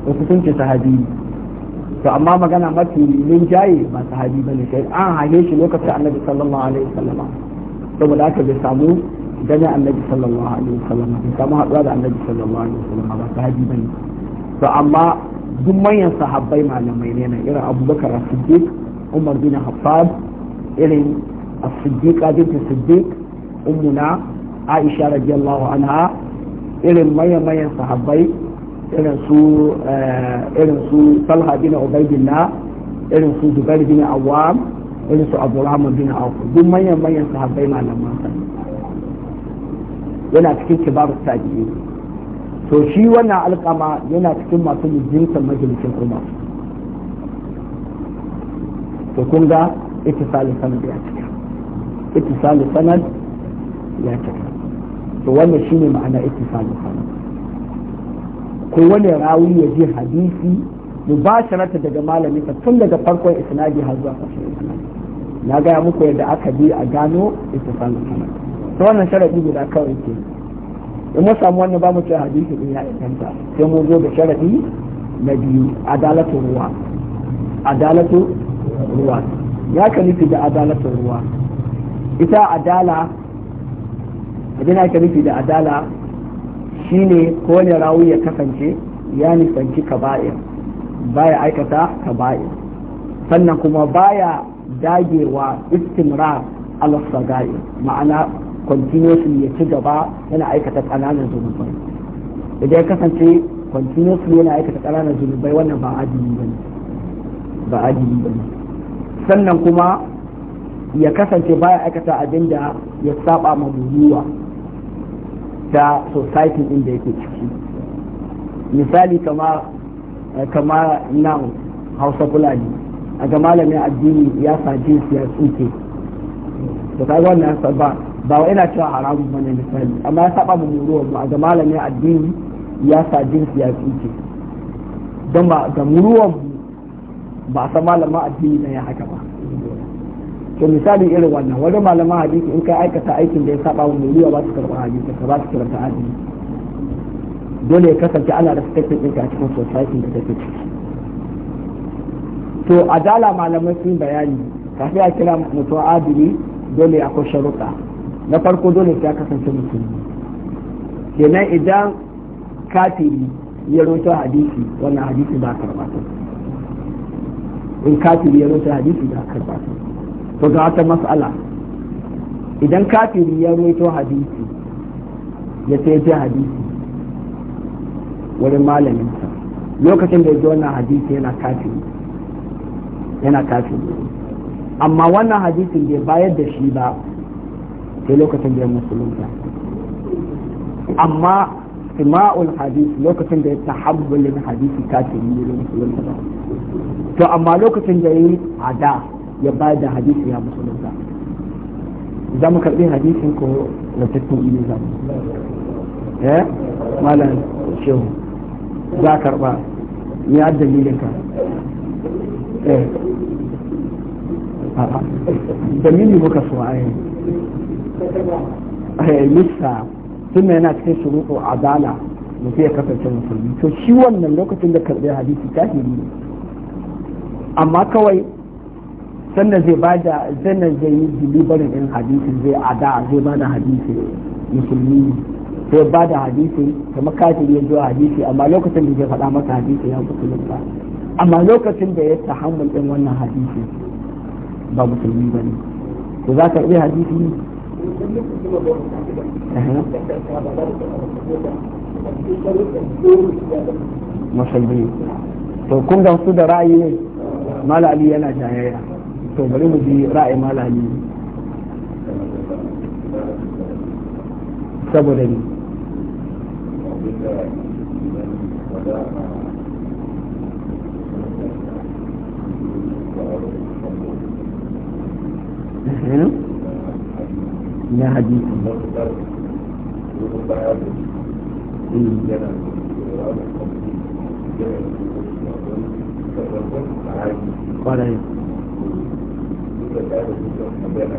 wasu sun ce sahabi to amma magana mafi jaye ba sahabi bane sai an hage shi lokacin annabi sallallahu alaihi wasallama saboda haka bai samu gani annabi sallallahu alaihi wasallama bai samu haɗuwa da annabi sallallahu alaihi wasallama ba sahabi bane to amma duk manyan sahabbai malamai ne nan irin abubakar as-siddiq umar bin hafad irin as-siddiqa bint siddiq ummuna aisha radiyallahu anha irin mayan-mayan sahabbai irin su eh, irin su talha bin ubaidillah irin su zubair bin awam irin su abdurrahman bin auf duk mayan-mayan sahabbai malaman sa yana cikin kibar tabi'i to shi wannan alƙama yana cikin masu jinsan majalisin umar to kun ga ittisalin sanad ya cika ittisalin sanad ya cika to wannan shine ma'ana ittisal ko wani rawi ya ji hadisi mubasharata daga malami tun daga farkon isnadi har zuwa ƙarshen isnadi na gaya muku yadda aka bi a gano ittisal to wannan sharadi guda kawai ke in mun samu wannan ba mu ce hadisi din ya inganta sai mun zo da sharadi na biyu adalatu ruwa adalatu ruwa ya kan nufi da adalatu ruwa ita adala abin ake nufi da adala shine ko ne rawi ya kasance ya nisanci kaba'ir baya aikata kaba'ir sannan kuma baya dagewa istimrar al-sagai ma'ana continuously ya ci gaba yana aikata kananan zunubai idan ya kasance continuously yana aikata kananan zunubai wannan ba adili bane ba adili bane sannan kuma ya kasance baya aikata abin da ya saba ma buruwa ta society din da yake ciki misali kama eh, kama nan hausa fulani a ga malamin addini ya saje su ya tsuke to kai wannan ba ba wai ina cewa haramun bane misali amma ya saba mu muruwa mu a ga malamin addini ya saje su ya tsuke don ba ga muruwan ba a san malamin addini ne ya haka ba ke misali irin wannan wajen malaman hadisi in ka aikata aikin da ya saba wa mai ba su karɓa hadisi ka ba su karɓa hadisi dole ya kasance ana da stakefin ɗinka a cikin sosaitin da take ciki to adala malamai sun bayani kafin a kira mutum adili dole akwai sharuɗa na farko dole ya kasance musulmi kenan idan kafiri ya roto hadisi wannan hadisi ba karɓa in kafiri ya roto hadisi ba karɓa to ga wata mas'ala idan kafiri ya ruwaito hadisi ya ce ji hadisi wurin malaminsa lokacin da ya ji wannan hadisi yana kafiri yana kafiri amma wannan hadisin bai bayar da shi ba sai lokacin da ya musulunta amma sima'ul hadisi lokacin da ya tahabbulin hadisi kafiri ne musulunta to amma lokacin da ya yi ada ya ba da hadisi ya musulunta za mu karɓi hadisin ko na tattun ilimi za mu ya eh, malam shehu za karɓa ya dalilin ka eh a'a dalili muka so a yi eh lissa tunda yana cikin shuruɗu adala da ya kasance musulmi to shi wannan lokacin da karɓi hadisi ta ne amma kawai sannan zai ba da sannan zai yi delivery din hadisi zai ada zai ba da hadisi musulmi zai ba da hadisi ta kafin ya zuwa hadisi amma lokacin da zai faɗa masa hadisi ya musulmi ba amma lokacin da ya tahammul din wannan hadisi ba musulmi ba ne to za ka iya hadisi ne Masalbi, to kun su da ra'ayi mala ali yana jayayya to bari mu bi ra'ayin malami saboda ni na hadisi hmm. kwarai bayan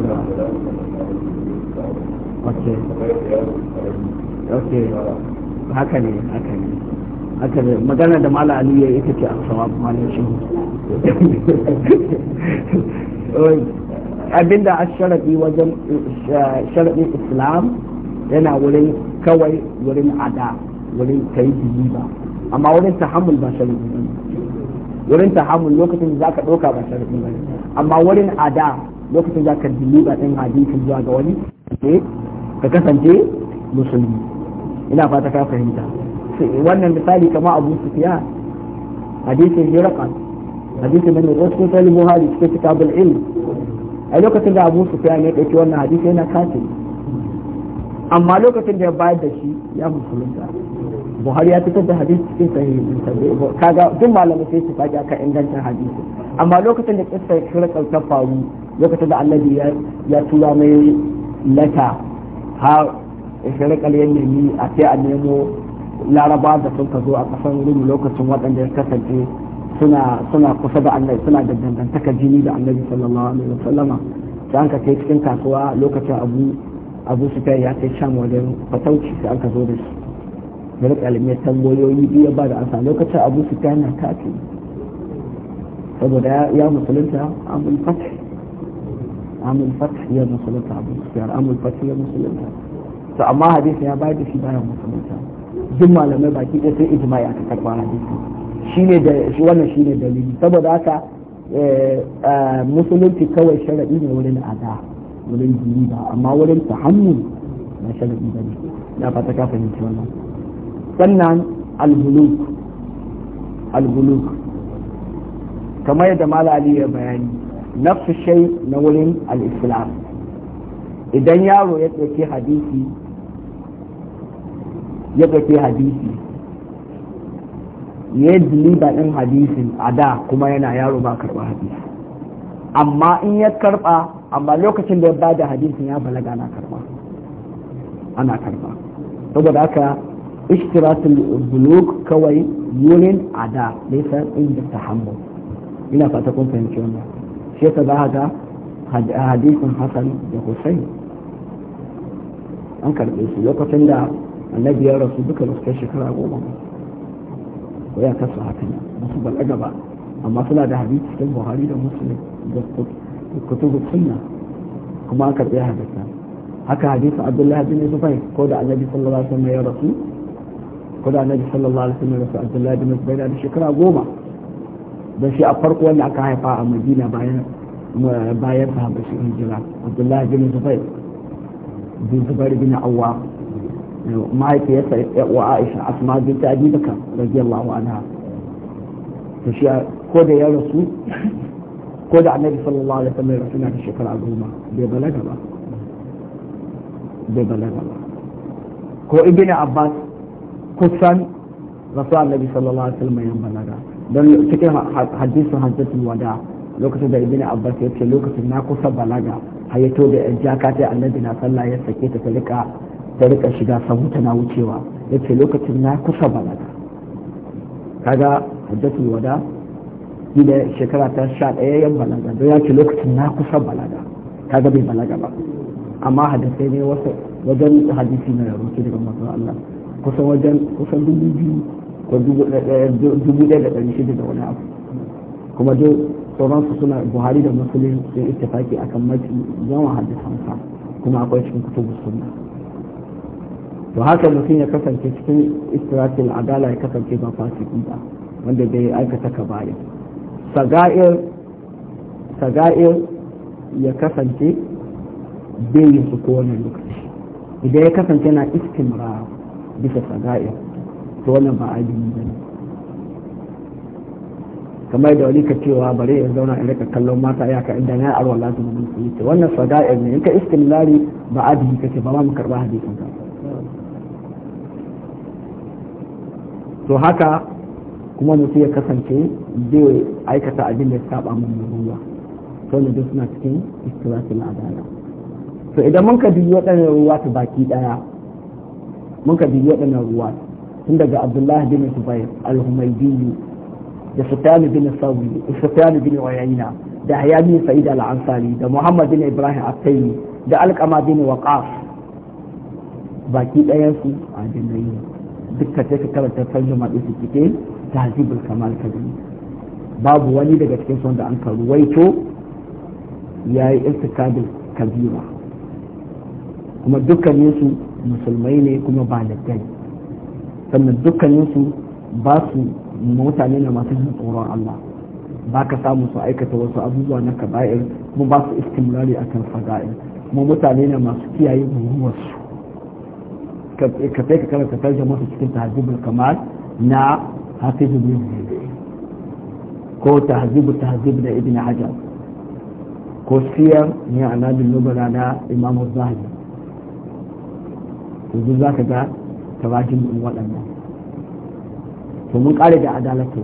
ba ok ok haka ne haka ne haka ne magana da mala ali ya ita ce a sawab malin shi abinda a sharaɗi wajen eh, sharaɗin islam yana wurin kawai wurin ada wurin kai biyu ba amma wurin tahammul ba sharadi wurin tahammul lokacin da zaka ɗauka ba sharadi ba amma wurin ada lokacin da zaka ba ɗin hadisin zuwa ga wani ka kasance musulmi ina fata ka fahimta wannan misali kama abu sufiya hadisin hiraqan hadisin da ne rasul sai buhari cikin kitabul ilm a lokacin da abu sufiya ne ɗauki wannan hadisi yana kafin amma lokacin da ya bayar da shi ya musulunta buhari ya fitar da hadisi cikin sahihi kaga duk malamai sai su faɗi akan ingancin hadisi amma lokacin da kissa shirka ta faru lokacin da annabi ya tura mai lata har shirka ya nemi a sai a nemo laraba da sun ka zo a kasan rum lokacin waɗanda ya kasance suna kusa da annabi suna da dangantaka jini da annabi sallallahu alaihi wa sallama sai an ka kai cikin kasuwa lokacin abu abu su ya kai sham wajen fatauci sai an ka zo da shi ya rika alimiyar tambayoyi biyu ba da ansa lokacin abu su ta yana tafi saboda ya musulunta amul fatih amul fatih ya musulunta abu su yara amul fatih ya musulunta to amma hadisi ya bayar da shi bayan musulunta duk malamai baki ɗaya sai ijma'i aka karɓa hadisi ne da wannan shine dalili saboda haka eh, eh, musulunci kawai sharaɗi ne wurin ada wurin jini ba amma wurin tahammul na sharaɗi ba ne ya fata ka fahimci wannan sannan albuluk albuluk kamar yadda malali ya bayani nafsu shai na wurin al-islam idan yaro ya ɗauki hadisi ya ɗauki hadisi ya yi diliba ɗin hadisin a da kuma yana yaro ba karɓa hadisi amma in ya karɓa amma lokacin da ya ba da hadisin ya balaga ana karɓa ana karɓa saboda haka اشتراط البلوغ كوي يولن عدا ليس عند التحمل إلا فتكون في الجنة شيخ هذا حديث حسن لحسين أنكر بيسي لو كتندا النبي يا رسول بك لو استشك رأوه ويا كسر حكنا نصب الأجبة أما صلى هذا حديث في البخاري ومسلم كتب السنة كما أنكر بيها بيسان حكى حديث عبد الله بن زبير قول النبي صلى الله عليه وسلم يا رسول kuma annabi sallallahu alaihi wasallam da Abdullahi bin Zubair da shekara goma da shi a farko wanda aka haifa a Madina bayan bayan sahabbai shi hijira Abdullahi bin Zubair bin Zubair bin Awwa mahaifiyarsa wa Aisha Asma bint Abi Bakr radiyallahu anha to shi ko da ya rasu ko da annabi sallallahu alaihi wasallam ya rasu na da shekara goma bai balaga ba bai balaga ba ko ibn Abbas kusan rasu annabi sallallahu alaihi wasallam yan balaga don cikin hadisin hajjatul wada lokacin da ibn abbas ya ce lokacin na kusa balaga har ya tobe yan jaka ta annabi na sallah ya sake ta ta ta rika shiga sabu tana wucewa ya ce lokacin na kusa balaga kaga hajjatul wada shi da shekara ta sha ɗaya yan balaga don ya ce lokacin na kusa balaga kaga bai balaga ba amma hadisai ne wasu wajen hadisi na rubuce daga masu Allah kusan wajen kusan dubu biyu ko dubu ɗaya da ɗari shida da wani abu kuma dai sauransu suna buhari da musulun sun ittifaki akan mafi yawan hadis hamsa kuma akwai cikin kutubu sunna to haka mutum ya kasance cikin istiratil adala ya kasance ba fasiki ba wanda bai aikata kaba'ir saga'ir saga'ir ya kasance bai yin su kowane lokaci idan ya kasance na istimrar bisa saga'ir to wannan ba yi ba ne kamar da wani ka cewa bare ya zauna in rika kallon mata ya ka inda na arwala su mun yi to wannan saga'ir ne in ka istimlari ba yi kace ba ma mu karba hadisin ka to haka kuma mutum ya kasance zai aikata abin da ya saba mun ruwa to ne duk suna cikin istiratul adala to idan mun ka biyo waɗannan ruwa ta baki ɗaya mun ka waɗannan ruwa tun daga abdullah bin zubai al-humaydi da sufyan bin Da sufyan bin wayayina da haya sa'id al-ansari da muhammad bin ibrahim at-taymi da alqama bin waqas baki ɗayan su a dinnayi dukkan ka karanta tarjuma din su cikin tahzibul kamal kabir babu wani daga cikin su wanda an waito yayi irtikabul kabira kuma dukkan su musulmai ne kuma ba baligai sannan dukkaninsu ba su mutane na masu jin tsoron Allah ba ka samu su aikata wasu abubuwa na kaba'ir kuma ba su istimrari a kan faga'ir kuma mutane na masu kiyaye guguwarsu ka sai ka karanta tarjama masu cikin tahajjubul kamar na hafizu bin ko tahajjubu tahajjub da ibn hajar ko siyar ni anabin nubala na imamu zahiri yanzu za ka ga tabajin mun waɗannan to mun ƙare da adalatar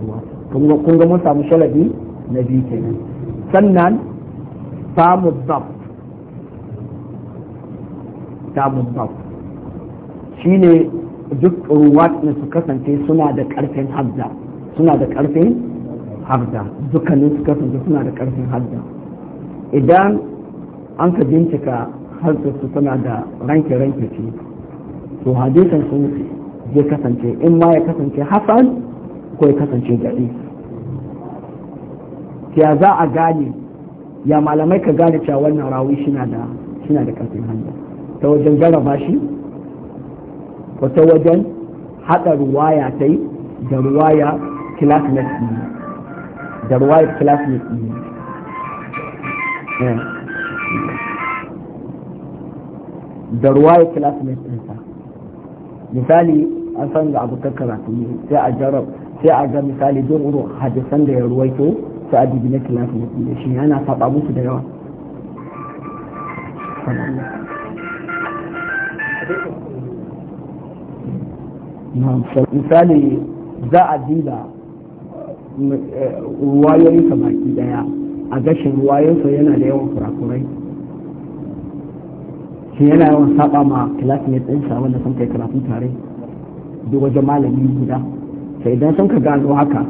ruwa kun ga mun samu shalabi na biyu kenan sannan samu zaf samu zab shi ne duk ruwa ne su kasance suna da ƙarfin habza suna da ƙarfin habza dukkanin su kasance suna da ƙarfin habza idan an ka bincika har su suna da ranke-ranke ce to hadisan sun zai kasance in ma ya kasance hasan ko ya kasance gari ya za a gane ya malamai ka gane cewa wannan rawi shina da shina hannu. karfin hanya ta wajen jaraba shi ko ta wajen haɗa ruwaya ta yi da ruwaya classmate ne da ruwaya classmate ne eh. da ruwaya ɗinsa misali an san ga abokan karatu ne sai a jarab sai a ga misali don uru hadisan da ya ruwaito su a dubi na kilafi da shi yana saba musu da yawa misali za a diba eh, ruwayoyinsa baki daya a gashin ruwayoyinsa yana da yawan kurakurai shi yana yawan saba ma tsayin ɗinsa wanda sun kai karatu tare duk waje malami guda sai idan sun ka gano haka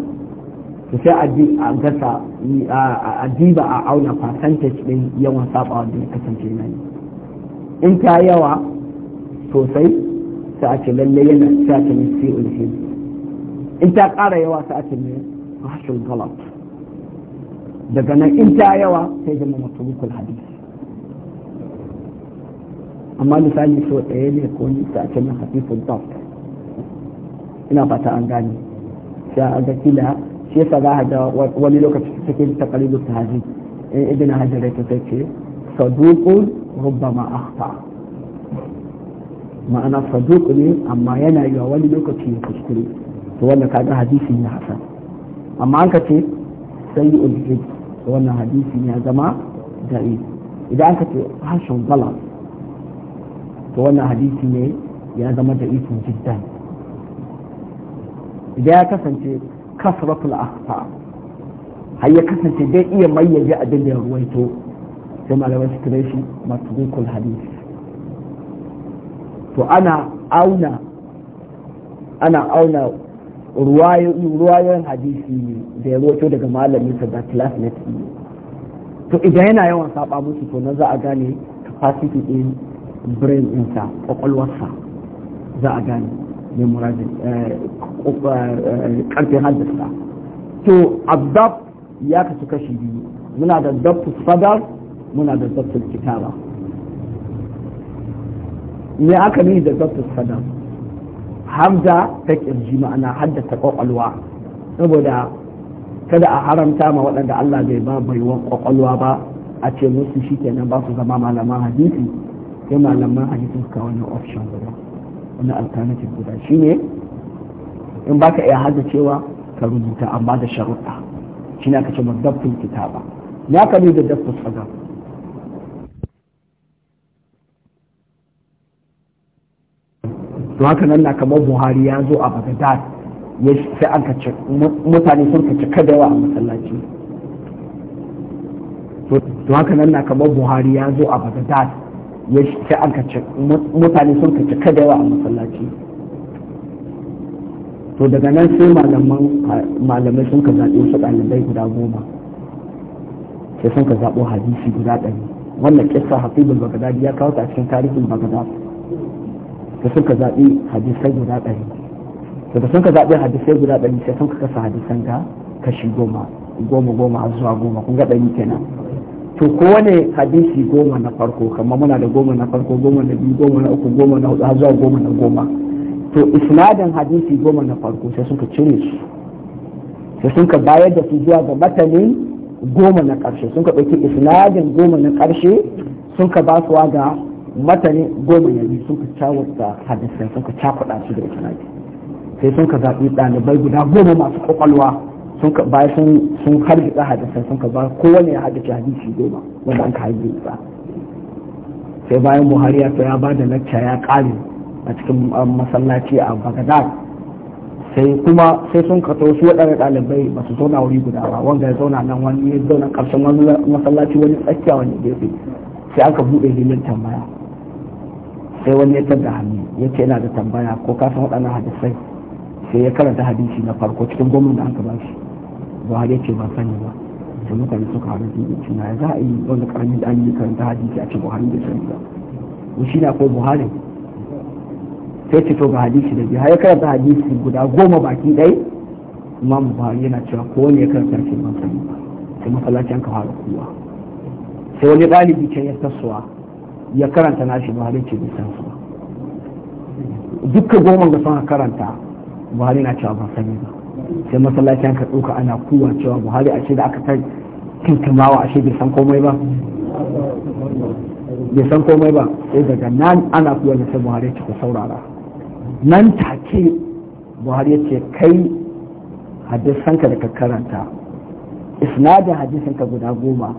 to sai a a gasa a diba a auna percentage ɗin yawan saba wanda ya kasance na yi in ta yawa sosai sai a ce lalle yana sai a ce ne sai ulhi in ta ƙara yawa sai a ce ne rashin galat daga nan in ta yawa sai zama mutum hadisi أما اللي فعلي شو إيه يكون تأكلنا خفيف الضغط إلا بتاع أنجاني شا أجاكي لها شي صدا هذا ولي لوكا تشكيل تقليد التهازي إيه إبن هذا ريكو تيكي صدوق ربما أخطأ ما أنا صدوق لي أما ينا يو ولي لوكا تشكيل تشكيل تولى كاجا حديثي يا حسن أما أنك تي سيء الجد وانا حديثي يا جماعة جائد إذا أنك تي حشو to wannan hadisi ne ya zama da ikon jiddan idan ya kasance kasratul akhta har ya kasance dai iya mayyaje abin da ya ruwaito sai malaman su kire shi matrukul hadisi to ana auna ana auna ruwayoyin hadisi ne da ya ruwaito daga malami sa da classmate ne to idan yana yawan saba musu to na za a gane capacity din brain insa kwakwalwarsa za a gane mai murajin karfin haddasa to abdab ya kasu kashi biyu muna da dabtu fadar muna da dabtu kitaba me aka ni da dabtu fadar hamza ta kirji ma'ana haddasa kwakwalwa saboda kada a haramta ma waɗanda Allah bai ba baiwan kwakwalwa ba a ce musu shi kenan ba su zama malaman hadisi sai malaman a yi suka wani option guda wani alternative guda ne. in baka iya hada cewa ka rubuta amma da sharuɗa ne aka ce madabbin kitaba ya ka da dafin sadaq to haka nan na kamar buhari ya zo a bagdad ya sai an ka mutane sun ka cika da yawa a masallaci to haka nan na kamar buhari ya zo a bagadad an mutane sun kaci kada yawa a masallaci to daga nan sai malamai sun ka zaɓi wasu ɗalibai guda goma sai sun ka zaɓo hadisi guda ɗari wannan kissa hafizul bagadadi ya kawo ta cikin tarihin bagadad da sun ka zaɓi hadisai guda ɗari to da sun ka zaɓi hadisai guda ɗari sai sun ka kasa hadisan ga kashi goma goma goma zuwa goma kun ga ɗari kenan to wane hadisi goma na farko kamar muna da goma na farko goma na biyu goma na uku goma na hudu har zuwa goma na goma to isnadin hadisi goma na farko sai suka cire su sai sun ka bayar da su zuwa ga matanin goma na karshe sun ka ɗauki isnadin goma na karshe sun ka ba su ga matanin goma na biyu sun ka cawata hadisan sun ka cakuɗa su da isnadi sai sun ka zaɓi ɗalibai guda goma masu ƙwaƙwalwa sun ka bayan sun sun harjika hadisan sun ka ba kowane ya haddace hadisi goma wanda an ka ba sai bayan buhari ya ya ba da lacca ya kare a cikin um, masallaci a bagdad sai kuma sai sun kato su waɗanda ɗalibai ba su zauna wuri guda ba wanda ya zauna nan wani ya zauna ƙarshen masallaci wani tsakiya wani gefe sai aka buɗe gilin tambaya sai wani ya da hannu ya ce yana da tambaya ko ka san waɗannan hadisai sai ya karanta hadisi na farko cikin gwamnati da aka ba shi ba buhari ce ba sani ba sai mutane suka haɗu sun yi cina ya za a yi wanda karamin da an yi karanta hadisi a ce buhari da sani ba mu shi na akwai buhari sai ce to ga hadisi da biyu ya karanta hadisi guda goma baki ɗaya imam buhari yana cewa ko wani ya karanta shi ba sani ba sai masallacin ka fara kowa sai wani ɗalibi can ya tasowa ya karanta nashi buhari ce bai san su ba dukkan goma da sun karanta buhari na cewa ba sani ba sai masallaci ka ɗauka ana kuwa cewa buhari a ce da aka ta kinkimawa a ce bai san komai ba bai san komai ba sai daga nan ana kuwa da sai buhari ya ce ku saurara nan take buhari ya ce kai hadisanka da ka karanta isnadin hadisanka guda goma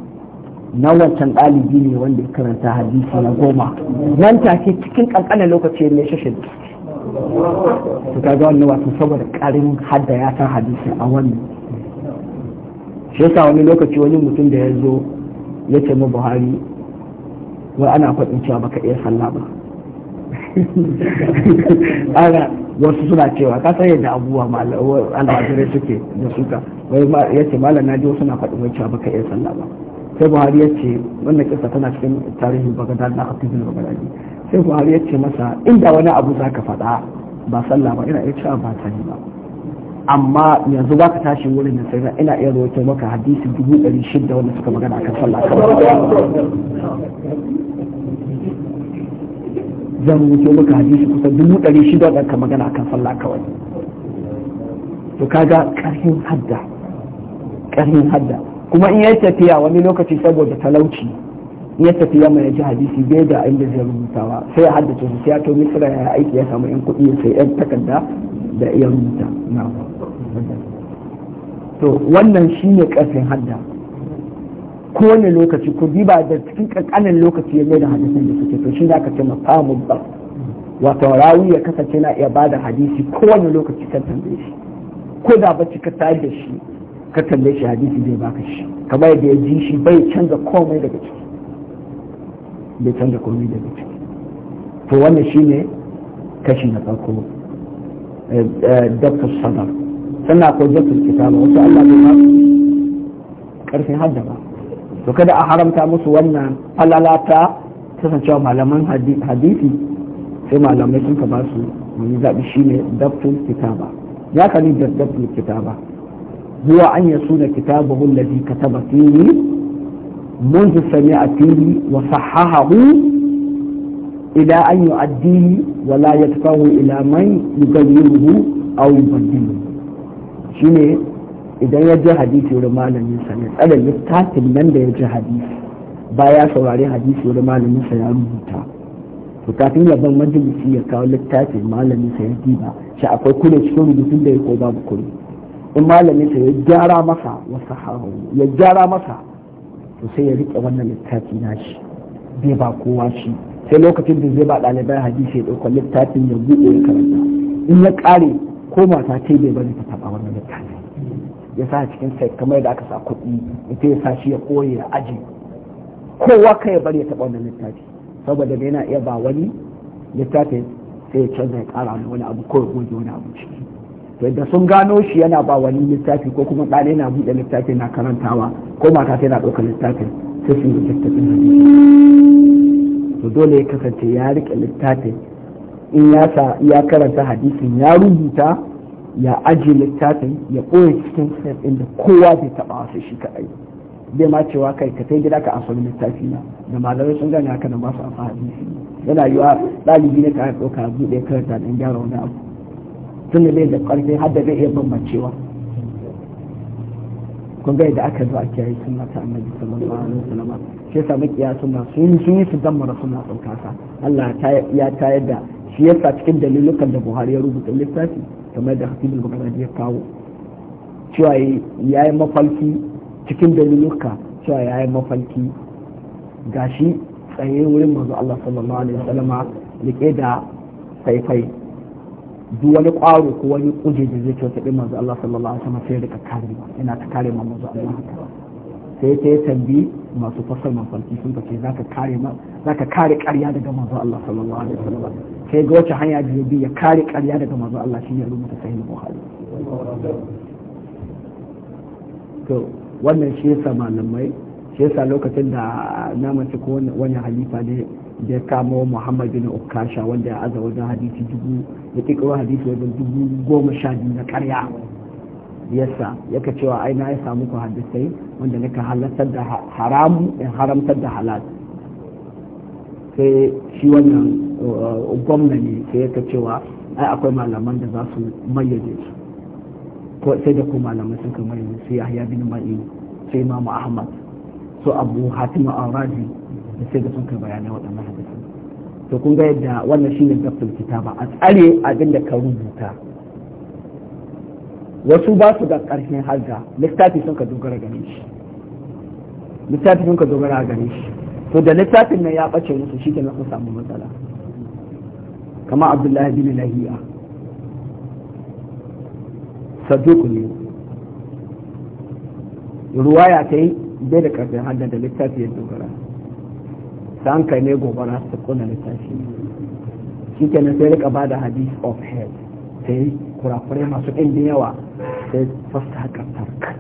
na wancan ɗalibi ne wanda ya karanta hadisi na goma nan take cikin ƙanƙanin lokaci ne shi to kaga wannan wato saboda karin hadda ya san hadisi a wannan shi yasa wani lokaci wani mutum da ya zo ya ce ma buhari wai ana faɗin cewa baka iya sallah ba ana wasu suna cewa ka san yadda abubuwa al'ajirai suke da suka wai ya ce malam na ji suna faɗin cewa baka iya sallah ba sai buhari ya ce wannan kisa tana cikin tarihin bagadar na hatibin bagadadi sai buhari ya ce masa inda wani abu za ka faɗa ba sallah ba ina iya cewa ba ta yi ba amma yanzu ba ka tashi wurin nan sai ina iya rawaito maka hadisi dubu ɗari shida wanda suka magana akan sallah zan rubuto maka hadisi kusa dubu ɗari shida wanda ka magana akan sallah kawai to kaga ƙarfin hadda ƙarfin hadda kuma in yayi tafiya wani lokaci saboda talauci ya tafi yamma ya ji hadisi bai da inda zai rubutawa sai ya haddace su ya to misira ya aiki ya samu yan kuɗi sai yan takarda da iya rubuta na to wannan shine ƙarfin hadda kowane lokaci ko ba da cikin ƙanƙanin lokaci ya mai da hadisin da suke to shi za ka ce mu ba wato rawi ya kasance na iya bada hadisi kowane lokaci kan tambaye shi ko da bacci ka tayar da shi ka tambaye shi hadisi zai baka shi kamar yadda ya ji shi bai canza komai daga ciki bai canza komai daga ciki to wannan shine kashi na farko eh, eh, dabtar sadar sannan akwai dabtar kitaba wasu Allah bai ma karfin hadda ba to kada a haramta musu wannan falalata kasancewa malaman hadisi sai malamai sun ka ba su wani zaɓi shine dabtar kitaba ya kani ni dabtar kitaba zuwa an yasu da kitabahu allazi kataba fihi منذ سمع فيه وصححه إلى أن يؤديه ولا يدفعه إلى من يغيره أو يبدله شنو idan ya ji hadisi wurin malamin ya tsare littafin nan da ya ji hadisi baya ya saurari hadisi wurin malamin ya rubuta to kafin ya ban majalisi ya kawo littafin malamin sa ya diba shi akwai kure cikin rubutun da ya ko babu in ya gyara masa ya gyara masa to sai ya rike wannan littafi shi bai ba kowa shi sai lokacin da zai ba ɗalibai hadisi ya ɗauka littafin ya buɗe ya karanta in ya ƙare ko mata ce bai bari ta taɓa wannan littafi ya sa cikin sai kamar da aka sa kuɗi ita ya sa shi ya ɓoye ya aji kowa ka ya bari ya taɓa wannan littafi saboda yana iya ba wani littafin sai ya canza ya ƙara wani abu ko ya goge wani abu ciki yadda sun gano shi yana ba wani littafi ko kuma ɗane na buɗe littafi na karantawa ko mata tana ɗaukar littafin sai su yi littafin hadisi dole ya kasance ya riƙe littafin in ya ya karanta hadisin ya rubuta ya ajiye littafin ya ɓoye cikin sayar ɗin da kowa bai taɓa wasu shi kaɗai bai ma cewa kai ka kai gida ka amfani littafi na da malamai sun gane haka na ba su amfani hadisi yana yiwa ɗalibi ne ka ɗauka buɗe karanta ɗan gyara wani abu tunda bai da ƙarfi har da bai iya bambancewa kun ga yadda aka zo a kiyaye sunna ta annabi sallallahu alaihi wasallam shi yasa kiyasu ma sun sun yi su damma suna sauka sa Allah ya tayar da shi yasa cikin dalilukan da Buhari ya rubuta littafi kamar da Hasibul Bukhari ya kawo cewa yayi mafalki cikin daliluka cewa yayi mafalki gashi tsaye wurin manzo Allah sallallahu alaihi wasallam rike da faifai duk wani ƙwaro ko wani kuje da zai kyauta ɗin manzo Allah sallallahu alaihi wasallam sai rika kare ma ina ta kare ma manzo Allah sai ta yi tambi masu fasar mafarki sun kace zaka kare ma zaka kare ƙarya daga manzo Allah sallallahu alaihi wasallam sai ga wacce hanya da bi ya kare ƙarya daga manzo Allah shine ya rubuta sahih bukhari to wannan shi yasa malamai shi yasa lokacin da na mace ko wani halifa ne ya kamo muhammad bin ukasha wanda ya aza wajen hadisi dubu ya kikiro hadisi wajen dubu goma sha biyu na karya yasa yaka cewa ai na ya samu ku hadisai wanda nika halartar da haramu in eh, haramtar da halal sai shi wannan uh, gwamna ne sai yaka cewa ai akwai malaman da za su mayyade su ko sai da ku malaman sun kamar yanzu sai yahya bin ma'in sai imamu ahmad su abu hatim al-razi da sai ga sun kai bayanai waɗannan hadisi to kun ga yadda wannan ne daftar kitaba a tsare abin da ka rubuta wasu ba su da ƙarfin harga littafi sun ka dogara gare shi littafi sun ka dogara gare shi to da littafin nan ya ɓace musu shi kenan sun samu matsala kamar abdullahi bin lahiya saduku ne ruwaya ta yi bai da ƙarfin harga da littafi ya dogara dan ka ne gobara su kuna littafi shi ke kenan sai rika ba da hadith of head sai kurakurai masu ɗin yawa sai fasta haka tarkar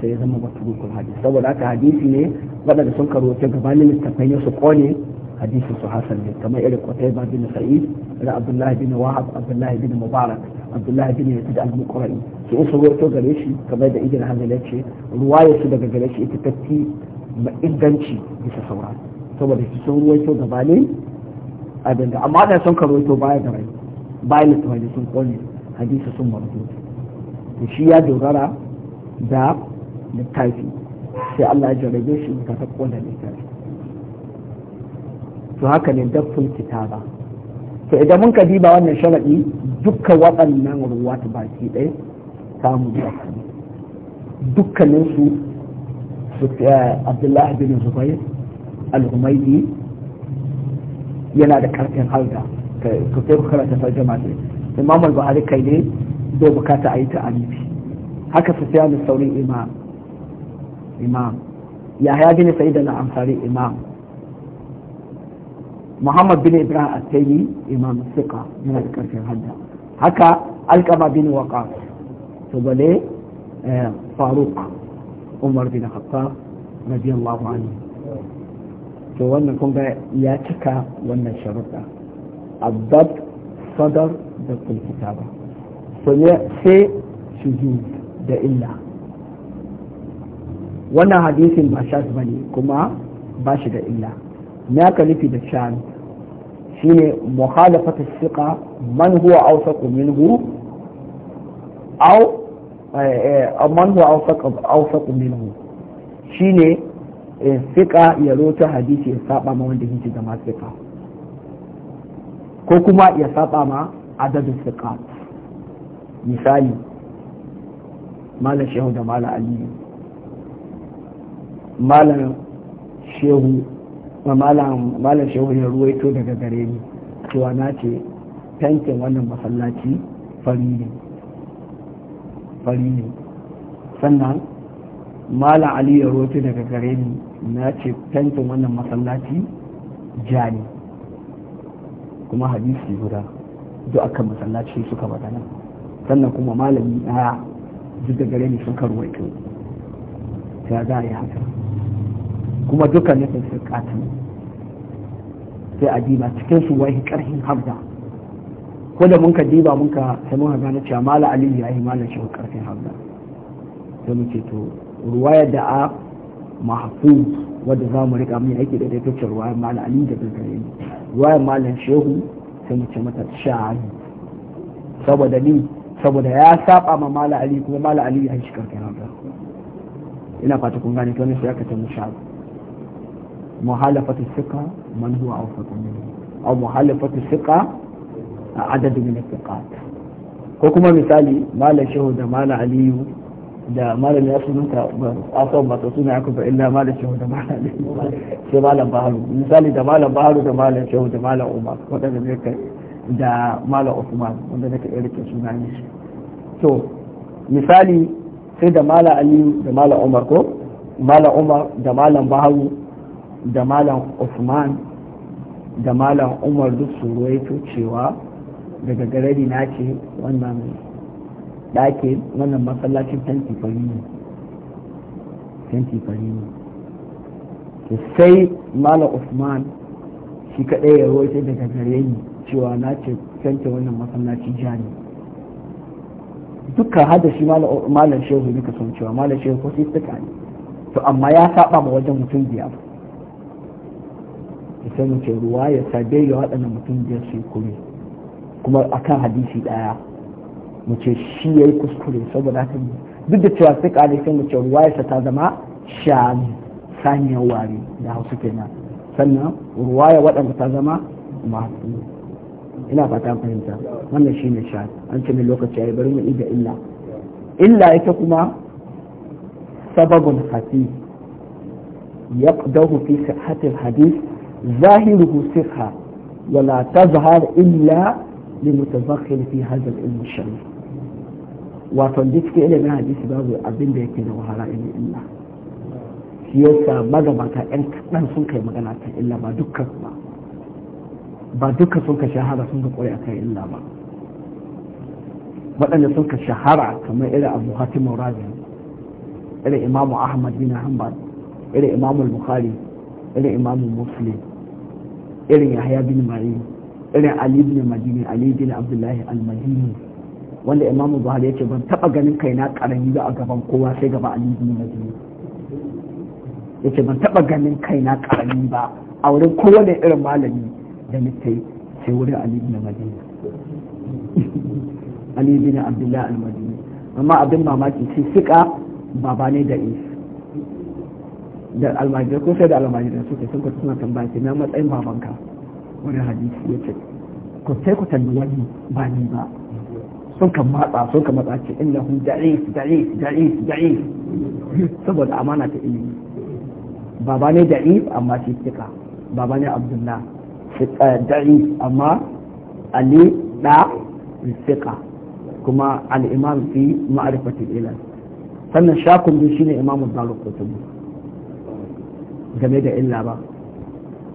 sai zama batulukul hadis saboda haka hadisi ne waɗanda sun karoce gabanin littafai ne su kone hadisin su hasan ne kamar irin qutayba bin sa'id da abdullahi bin wahab abdullahi bin mubarak abdullahi bin yazid al-muqrani su usu rawaito gare shi kamar da ibn hazal ya ce ruwaya su daga gare shi ita tafi inganci bisa sauran saboda su sun ruwaito gabanin abin da amma da sun karuwaito baya da rai baya bayan littafi sun kone hadisi sun marfu to shi ya dogara da littafi sai Allah ya jarabe shi ka ta kona littafi to haka ne daful kitaba to idan mun ka diba wannan sharadi dukkan waɗannan ruwatu baki ɗaya samu da dukkaninsu eh, Abdullahi bin Zubair al-humaydi yana da karfin halda ka sai karanta tarjuma ne imam al-buhari kai ne do bukata a yi ta alifi haka sufyan sauri imam imam yahya bin sa'id al-ansari imam muhammad bin ibrahim at-taymi imam siqa yana da karfin halda haka alqama bin waqas to bale eh, faruk umar bin khattab radiyallahu anhu to wannan kun ya cika wannan sharuɗa abdab sadar da kulkuta ba sai shuju da illa wannan hadisin ba shaz ba ne kuma ba shi da illa na ka nufi da shan shine muhalafata siqa man huwa awsaqu minhu au eh, eh, man huwa awsaqu minhu shine Eh, fiqa ya rota hadisi ya saba ma wanda yake zama fiqa ko kuma ya saba ma adadin fiqa misali malam shehu da malam aliyu malam shehu malam shehu ya ruwaito daga gare ni cewa na ce tankin wannan masallaci fari ne fari ne sannan malam aliyu ya ruwaito daga gare ni na ce fentin wannan masallaci ja ne kuma hadisi guda duk akan masallaci suka bada nan sannan kuma malami ɗaya duk da gare ne sun karuwa ito ta za a yi haka kuma dukkan ne sun sirkata sai a diba cikin su wahi karhin hamza ko da mun ka diba mun ka sai mun gane cewa mala aliyu ya yi mala shi karfin hamza sai mu ce to ruwayar da a mahfuz wanda za mu rika mai aiki da daitaccen ruwayar malam ali da gagare ni ruwayar malam shehu sai mu ce mata sha'ani saboda ni saboda ya saba ma malam ali kuma malam ali ya shi karkara ta ina fata kun gane to ne sai aka ce mu sha'ani muhalafatu thiqa man huwa awfaqu minhu aw muhalafatu thiqa adad min al ko kuma misali malam shehu da malam aliyu da malam ya sunanta a ba masu suna ya fa illa malam shehu da malam sai malam baharu misali da malam baharu da malam shehu da malam umar waɗanda zai kai da malam usman wanda nake iya rike suna ne to misali sai da malam aliyu da malam umar ko malam umar da malam baharu da malam usman da malam umar duk su ruwaito cewa daga garari na ce wannan ɗakin wannan masallacin fenti fari ne fenti fari ne sai mala usman shi kaɗai ya rawaita daga gare ni cewa na ce fenti wannan masallacin ja ne dukkan hada shi malam shehu ka son cewa malam shehu ko sai suka ne to amma ya saba ma wajen mutum biyar sai mu ce ruwa ya sabe ya waɗannan mutum biyar su yi kuma akan hadisi ɗaya mu ce shi yayi kuskure saboda haka duk da cewa sai kare sai mu ce ruwayarsa ta zama shani saniyar wari da hausa kenan sannan ruwaya waɗanda ta zama masu ina fata fahimta wannan shi ne shami an ce mai lokaci ya bari mu ida illa illa ita kuma sababun hafi يقدر fi صحة الحديث ظاهره صحة ولا تظهر إلا لمتبخل في هذا العلم الشريف wato duk cikin ilimin hadisi babu abin da yake da wahala ilmi illa shi yasa magabata yan kaɗan sun kai magana ta, illa ba dukkan ba ba dukkan sun ka shahara sun ka ƙware akan illa ba waɗanda sun ka shahara kamar irin abu hatim razi irin imamu ahmad bin hanbal irin imamu bukhari irin imamu muslim irin yahya bin ma'in irin ali bin madini ali bin abdullahi al-madini wanda imamu buhari ya ce ban taba ganin kaina karami ba a gaban kowa sai gaba ali bin madini ya ce ban taba ganin kaina karami ba a wurin kowane irin malami da nake sai wurin ali bin madini ali bin abdullahi al-madini amma abin mamaki sai sika baba ne da is da almajirai ko sai da almajirai suke sun kwata suna tambaya ce na matsayin babanka wani hadisi ya ce ku sai ku tambayi wani ba ni ba sun kan matsa sun kan matsa ce innahum da'if da'if da'if da'if saboda amana ta ilimi baba ne da'if amma shi tika baba ne abdullah da'if amma ali da tika kuma al fi ma'rifati ilal sannan shakun din shine imamu daruqutni game da illa ba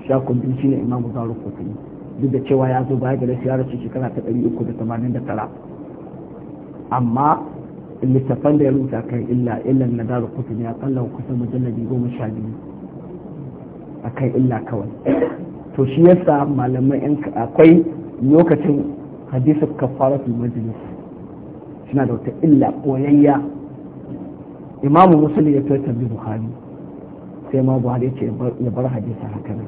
shakun din shine imamu daruqutni duk da cewa ya zo baya da rashin shekara ta 389 amma littafan da ya rubuta kan illa illan na daru kutun ya kalla kusan mujalladi goma sha biyu a kan illa kawai to shi yasa malamai yan akwai lokacin hadisu fi majalis suna da wata illa koyayya imamu musulun ya fi bi buhari sai ma buhari ce ya bar hadisa haka nan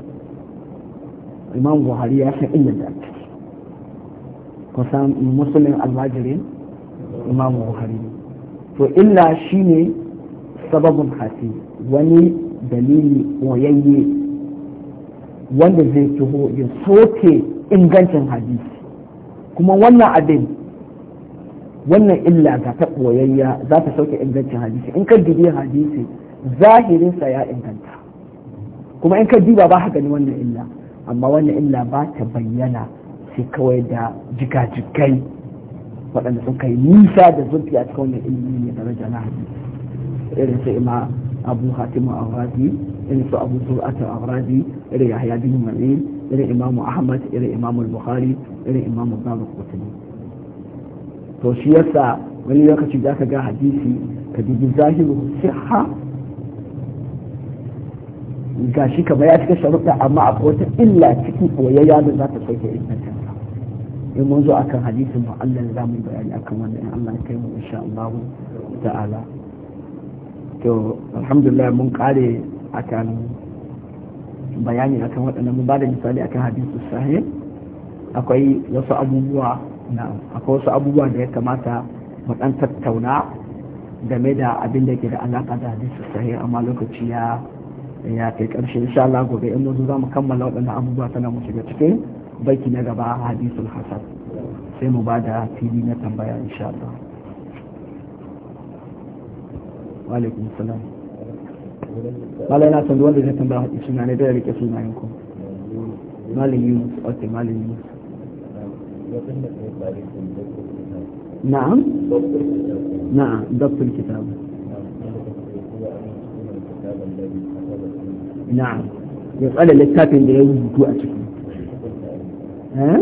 imamu buhari ya san illa da kusan musulun almajirin imam bukhari to illa shine sababin hasi wani dalili koyayye wanda zai taho ya soke ingancin hadisi kuma wannan abin wannan illa ga ta ɓoyayya za ta sauke ingancin hadisi in ka dubi hadisi zahirinsa ya inganta kuma in ka diba ba haka ne wannan illa amma wannan illa ba ta bayyana sai kawai da jigajigai waɗanda sun kai nisa da zurfi a cikin wannan ilimi ne daraja na hadisi irin su ima abu hatimu awrazi irin su abu sur'atu awrazi irin yahya bin ma'in irin imamu ahmad irin imamu bukhari irin imamu zaru kutani to shi yasa wani lokaci za ka ga hadisi ka dubi zahiru siha ga shi kama ya cika sharuɗa amma akwai wata illa cikin koyayya da za ta sauke inganta in mun zo akan hadisin ba Allah ya zamu bayani akan wannan in Allah ya kai mu insha Allah ta'ala to alhamdulillah mun kare akan bayani akan waɗannan mun bada misali akan hadisin sahih akwai wasu abubuwa na akwai wasu abubuwa da ya kamata mu dan tattauna game da abin da ke da alaka da hadisin sahih amma lokaci ya ya kai karshe insha Allah gobe in mun zo zamu kammala waɗannan abubuwa tana mu shiga cikin Baki na gaba hadisul hasan sai mu ba da fili na tambaya insha Allah wa salam malai na san wanda zai tambaya hadisi suna ne da rike sunayen ku malin yunus ok malin yunus na'am na'am dabtul kitab na'am ya tsale littafin da ya rubutu a ciki Eh?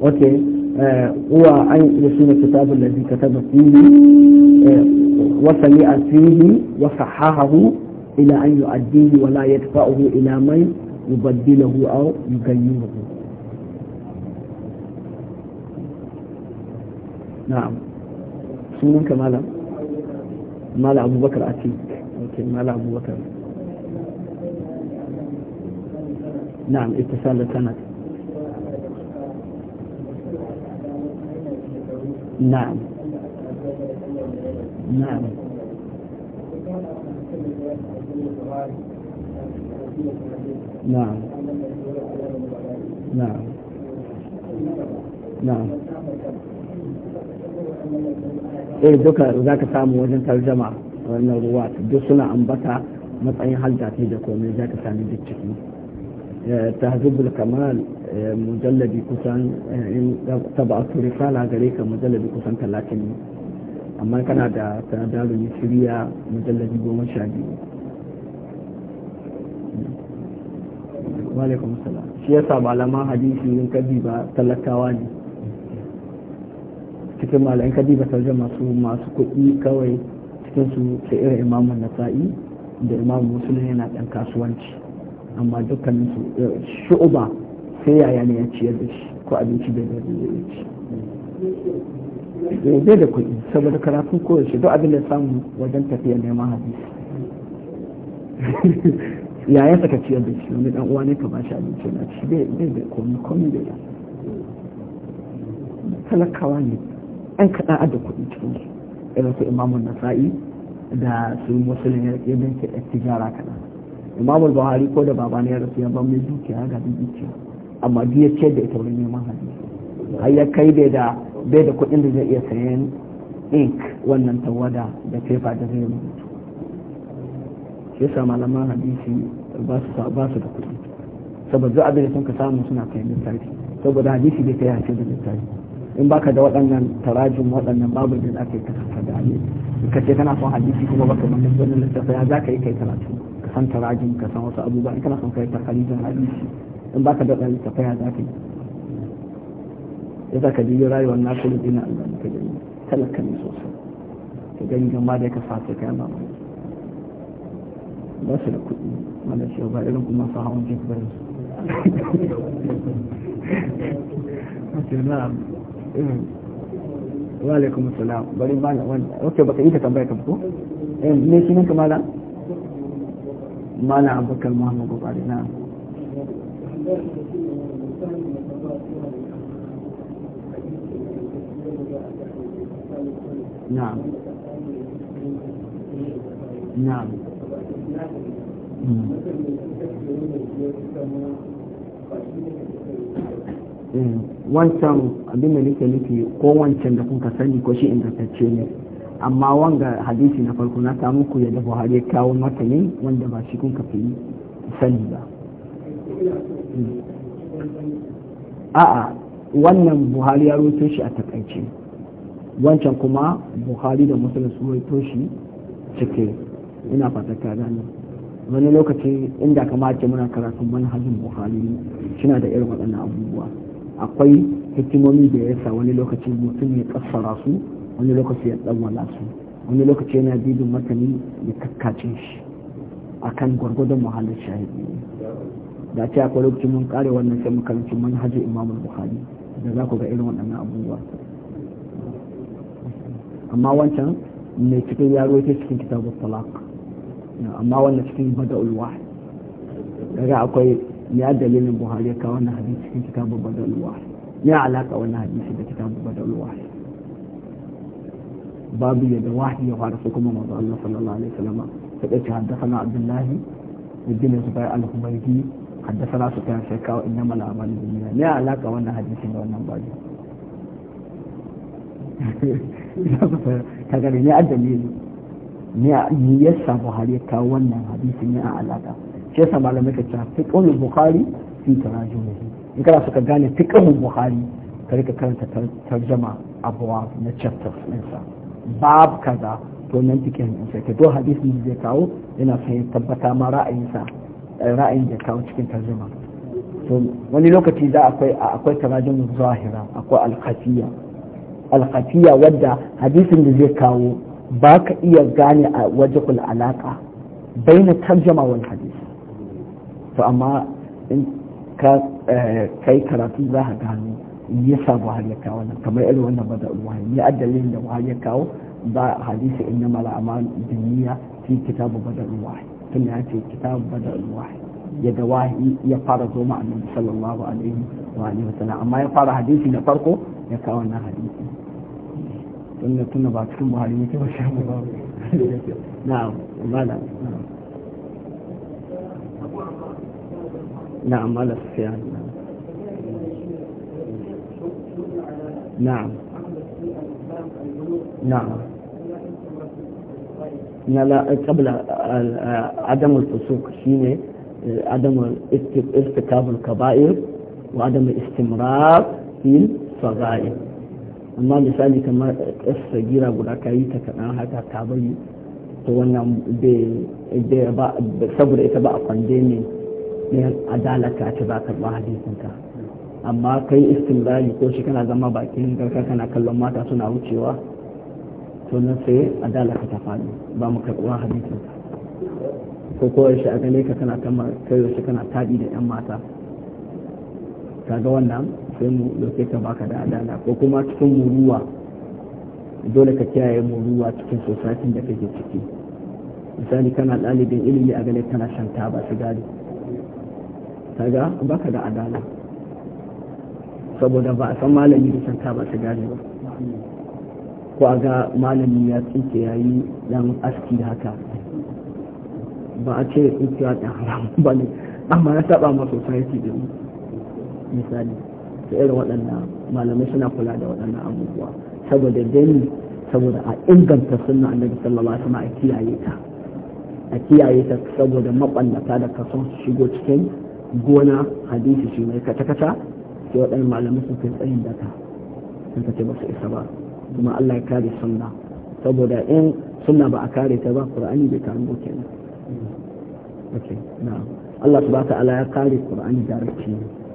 ok eh, uwa an iya shi ne kitabun da zai kataba fili eh, wasa ne a wasa hahahu ila an yi addini wala ya tafa'uhu ila mai yubaddilahu au yugayyuhu na'am sunanka malam malam abubakar a malam abubakar na'am نعم نعم نعم نعم نعم eh duka za ka samu wajen tarjama wannan ruwa duk suna ambata matsayin halda da komai za ka sami duk ciki Eh, tahzibul kamal eh, mujalladi kusan eh, in taba su risala gare ka mujalladi kusan talatin ne amma kana da sanadarun shirya mujalladi goma sha biyu walaikum salam shi yasa malaman hadisi in ka ba talakawa ne cikin malaman ka ba sarjan masu masu kuɗi kawai cikinsu su ke irin imamun nasa'i da imamun musulun yana ɗan kasuwanci amma dukkanin su eh, shu'uba sai yaya ne ya ciyar da shi ko abinci da zai ya ci zai eh, da kuɗi saboda karatun koyaushe duk abin da samu wajen tafiya neman hadisi yaya saka ciyar da shi wani dan uwa ne ka ba shi abinci na ci bai da komi komi da ya talakawa ne an kaɗa a da kuɗi cikin su irin su imamun nasa'i da su musulun ya yadda don ke tijara kaɗan imam buhari ko da baba ne ya rasu ya ban mai dukiya ga dukiya amma biya ce da ita wurin neman hadisi har ya kai bai da bai da kuɗin da zai iya sayan ink wannan tawada da fefa da zai rubutu shi yasa malaman hadisi ba su da kuɗi saboda abin da sun ka samu suna kai littafi saboda hadisi bai kai hace da littafi in baka da waɗannan tarajin waɗannan babu da ake kasance da hadisi ka ce kana son hadisi kuma baka mallaki wannan littafi ya za ka yi kai karatu san tarajin ka san wasu abubuwa in kana son kai takalijin hadisi in baka da tsari ka faya zaka yi yasa ka ji rayuwar na kullu dina Allah ka gani talaka ne sosai ka gani gamba da ka sace kai ba ba su da kuɗi wanda shi ba irin kuma sa hawan jin bayan wa alaikum salam bari ba na wanda okay baka yi ta tambaya ka ko eh ne shi ne malam abubakar muhammadu bukari na eh, wancan abin da nake nufi ko wancan da kuka sani ko shi ingantacce ne amma wanga hadisi na farko na samu ku yadda buhari ya kawo mata ne wanda ba shi kun kafi sani ba a'a wannan buhari ya roto shi a takaice wancan kuma buhari da musulun su roto shi cike ina fata ka gani wani lokaci inda kamata muna karatun manhajin buhari suna da irin waɗannan abubuwa akwai hikimomi da yasa wani lokaci mutum ya kassara su wani lokaci ya dan wala su wani lokaci yana bibin matani ya kakkacin shi akan gwargwadon muhallin shahidi da ce akwai lokaci mun kare wannan sai mu karanci manhajin imamul buhari da za ku ga irin waɗannan abubuwa amma wancan mai cikin yaro yake cikin kitabun talak amma wannan cikin bada ulwa daga akwai ya dalilin buhari ya kawo wannan hadisi cikin kitabun bada ulwa ya alaka wannan hadisi da kitabun bada'ul wahid باب يد واحد يقال فيكم ما الله صلى الله عليه وسلم فقلت حدثنا عبد الله بن زبير الخميجي حدثنا سفيان شكا انما الاعمال بالنيات لا علاقه وانا حديث من وانا باب كذا ني ادميل ني يسا بخاري تا وانا حديث ني علاقه شي سما لما كتا فقه البخاري في تراجمه ان كذا سكا غاني فقه البخاري كذلك كانت ترجمه ابواب من chapters bab kaza to nan cikin sai zai kawo yana son ya tabbata ma ra'ayinsa eh, ra'ayin da kawo cikin tarjuma wani lokaci za akwai akwai tarajum zahira akwai al-khafiyya al wadda hadisin da zai kawo ba ka iya gane a wajhul alaka baina tarjuma wal hadisi to amma in kai eh, karatu za ka gano ya sa buhari ya kawo nan, kamar irin wannan bada buhari ne a dalilin da buhari ya kawo ba hadisi inna mala amal duniya fi kitabu bada buhari tun ya ce kitabu bada buhari ya ga wahi ya fara zo ma annabi sallallahu alaihi wa alihi wa sallam amma ya fara hadisi na farko ya kawo wannan hadisi tun da tun ba cikin buhari ne ba sha mu na'am mala na'am mala sufyan na'am نعم نعم لا قبل عدم الفسوق شيء عدم ارتكاب الكبائر وعدم الاستمرار في الصغائر amma misali kamar ƙasa gira guda ka yi ta kaɗan haka ka bari to wannan saboda ita ba a kwande ne adalata ta ba karɓar hadisinka amma kai istimbali ko shi kana zama bakin garka kana kallon mata suna wucewa to nan sai adala ka ta faɗi ba mu karɓuwa hadisin ko ko shi a gane ka kana kama kai shi kana taɗi da yan mata kaga wannan sai mu dauke ka baka da adala ko kuma cikin muruwa dole ka kiyaye muruwa cikin sosatin da kake ciki misali kana ɗalibin ilimi a gane kana shan taba sigari kaga baka da adala saboda ba a san malami da ta ba su gane ba ko a ga malami ya tsinke ya yi dan aski haka ba a ce ya da haram ba ne amma ya saba ma society da misali ta irin waɗannan malamai suna kula da waɗannan abubuwa saboda dani saboda a inganta sunna annabi sallallahu alaihi wasallam a kiyaye ta a kiyaye ta saboda maballata da kason shigo cikin gona hadisi shi mai kata-kata sai waɗannan malamai sun kai tsayin daka sun ka ce ba su isa ba kuma Allah ya kare sunna saboda in sunna ba a kare ta ba qur'ani bai kare ba kenan okay na Allah subhanahu ta'ala ya kare qur'ani da rafi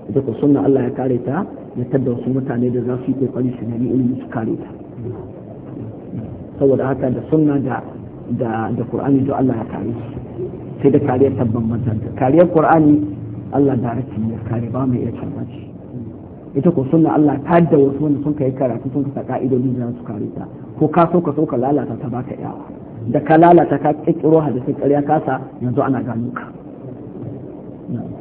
ita ko sunna Allah ya kare ta ya tada wasu mutane da za su yi kokari su nemi ilimi su kare ta saboda haka da sunna da da da qur'ani Allah ya kare shi sai da kariyar tabban mata kariyar qur'ani Allah da rafi ya kare ba mai iya tabbaci ita ko sunna Allah ta da wasu wanda sun kai karatu sun kasa ka'idodi da su kare ta ko ka so ka so ka lalata ta baka iya da ka lalata ka kikkiro hadisin ƙarya kasa yanzu ana gano ka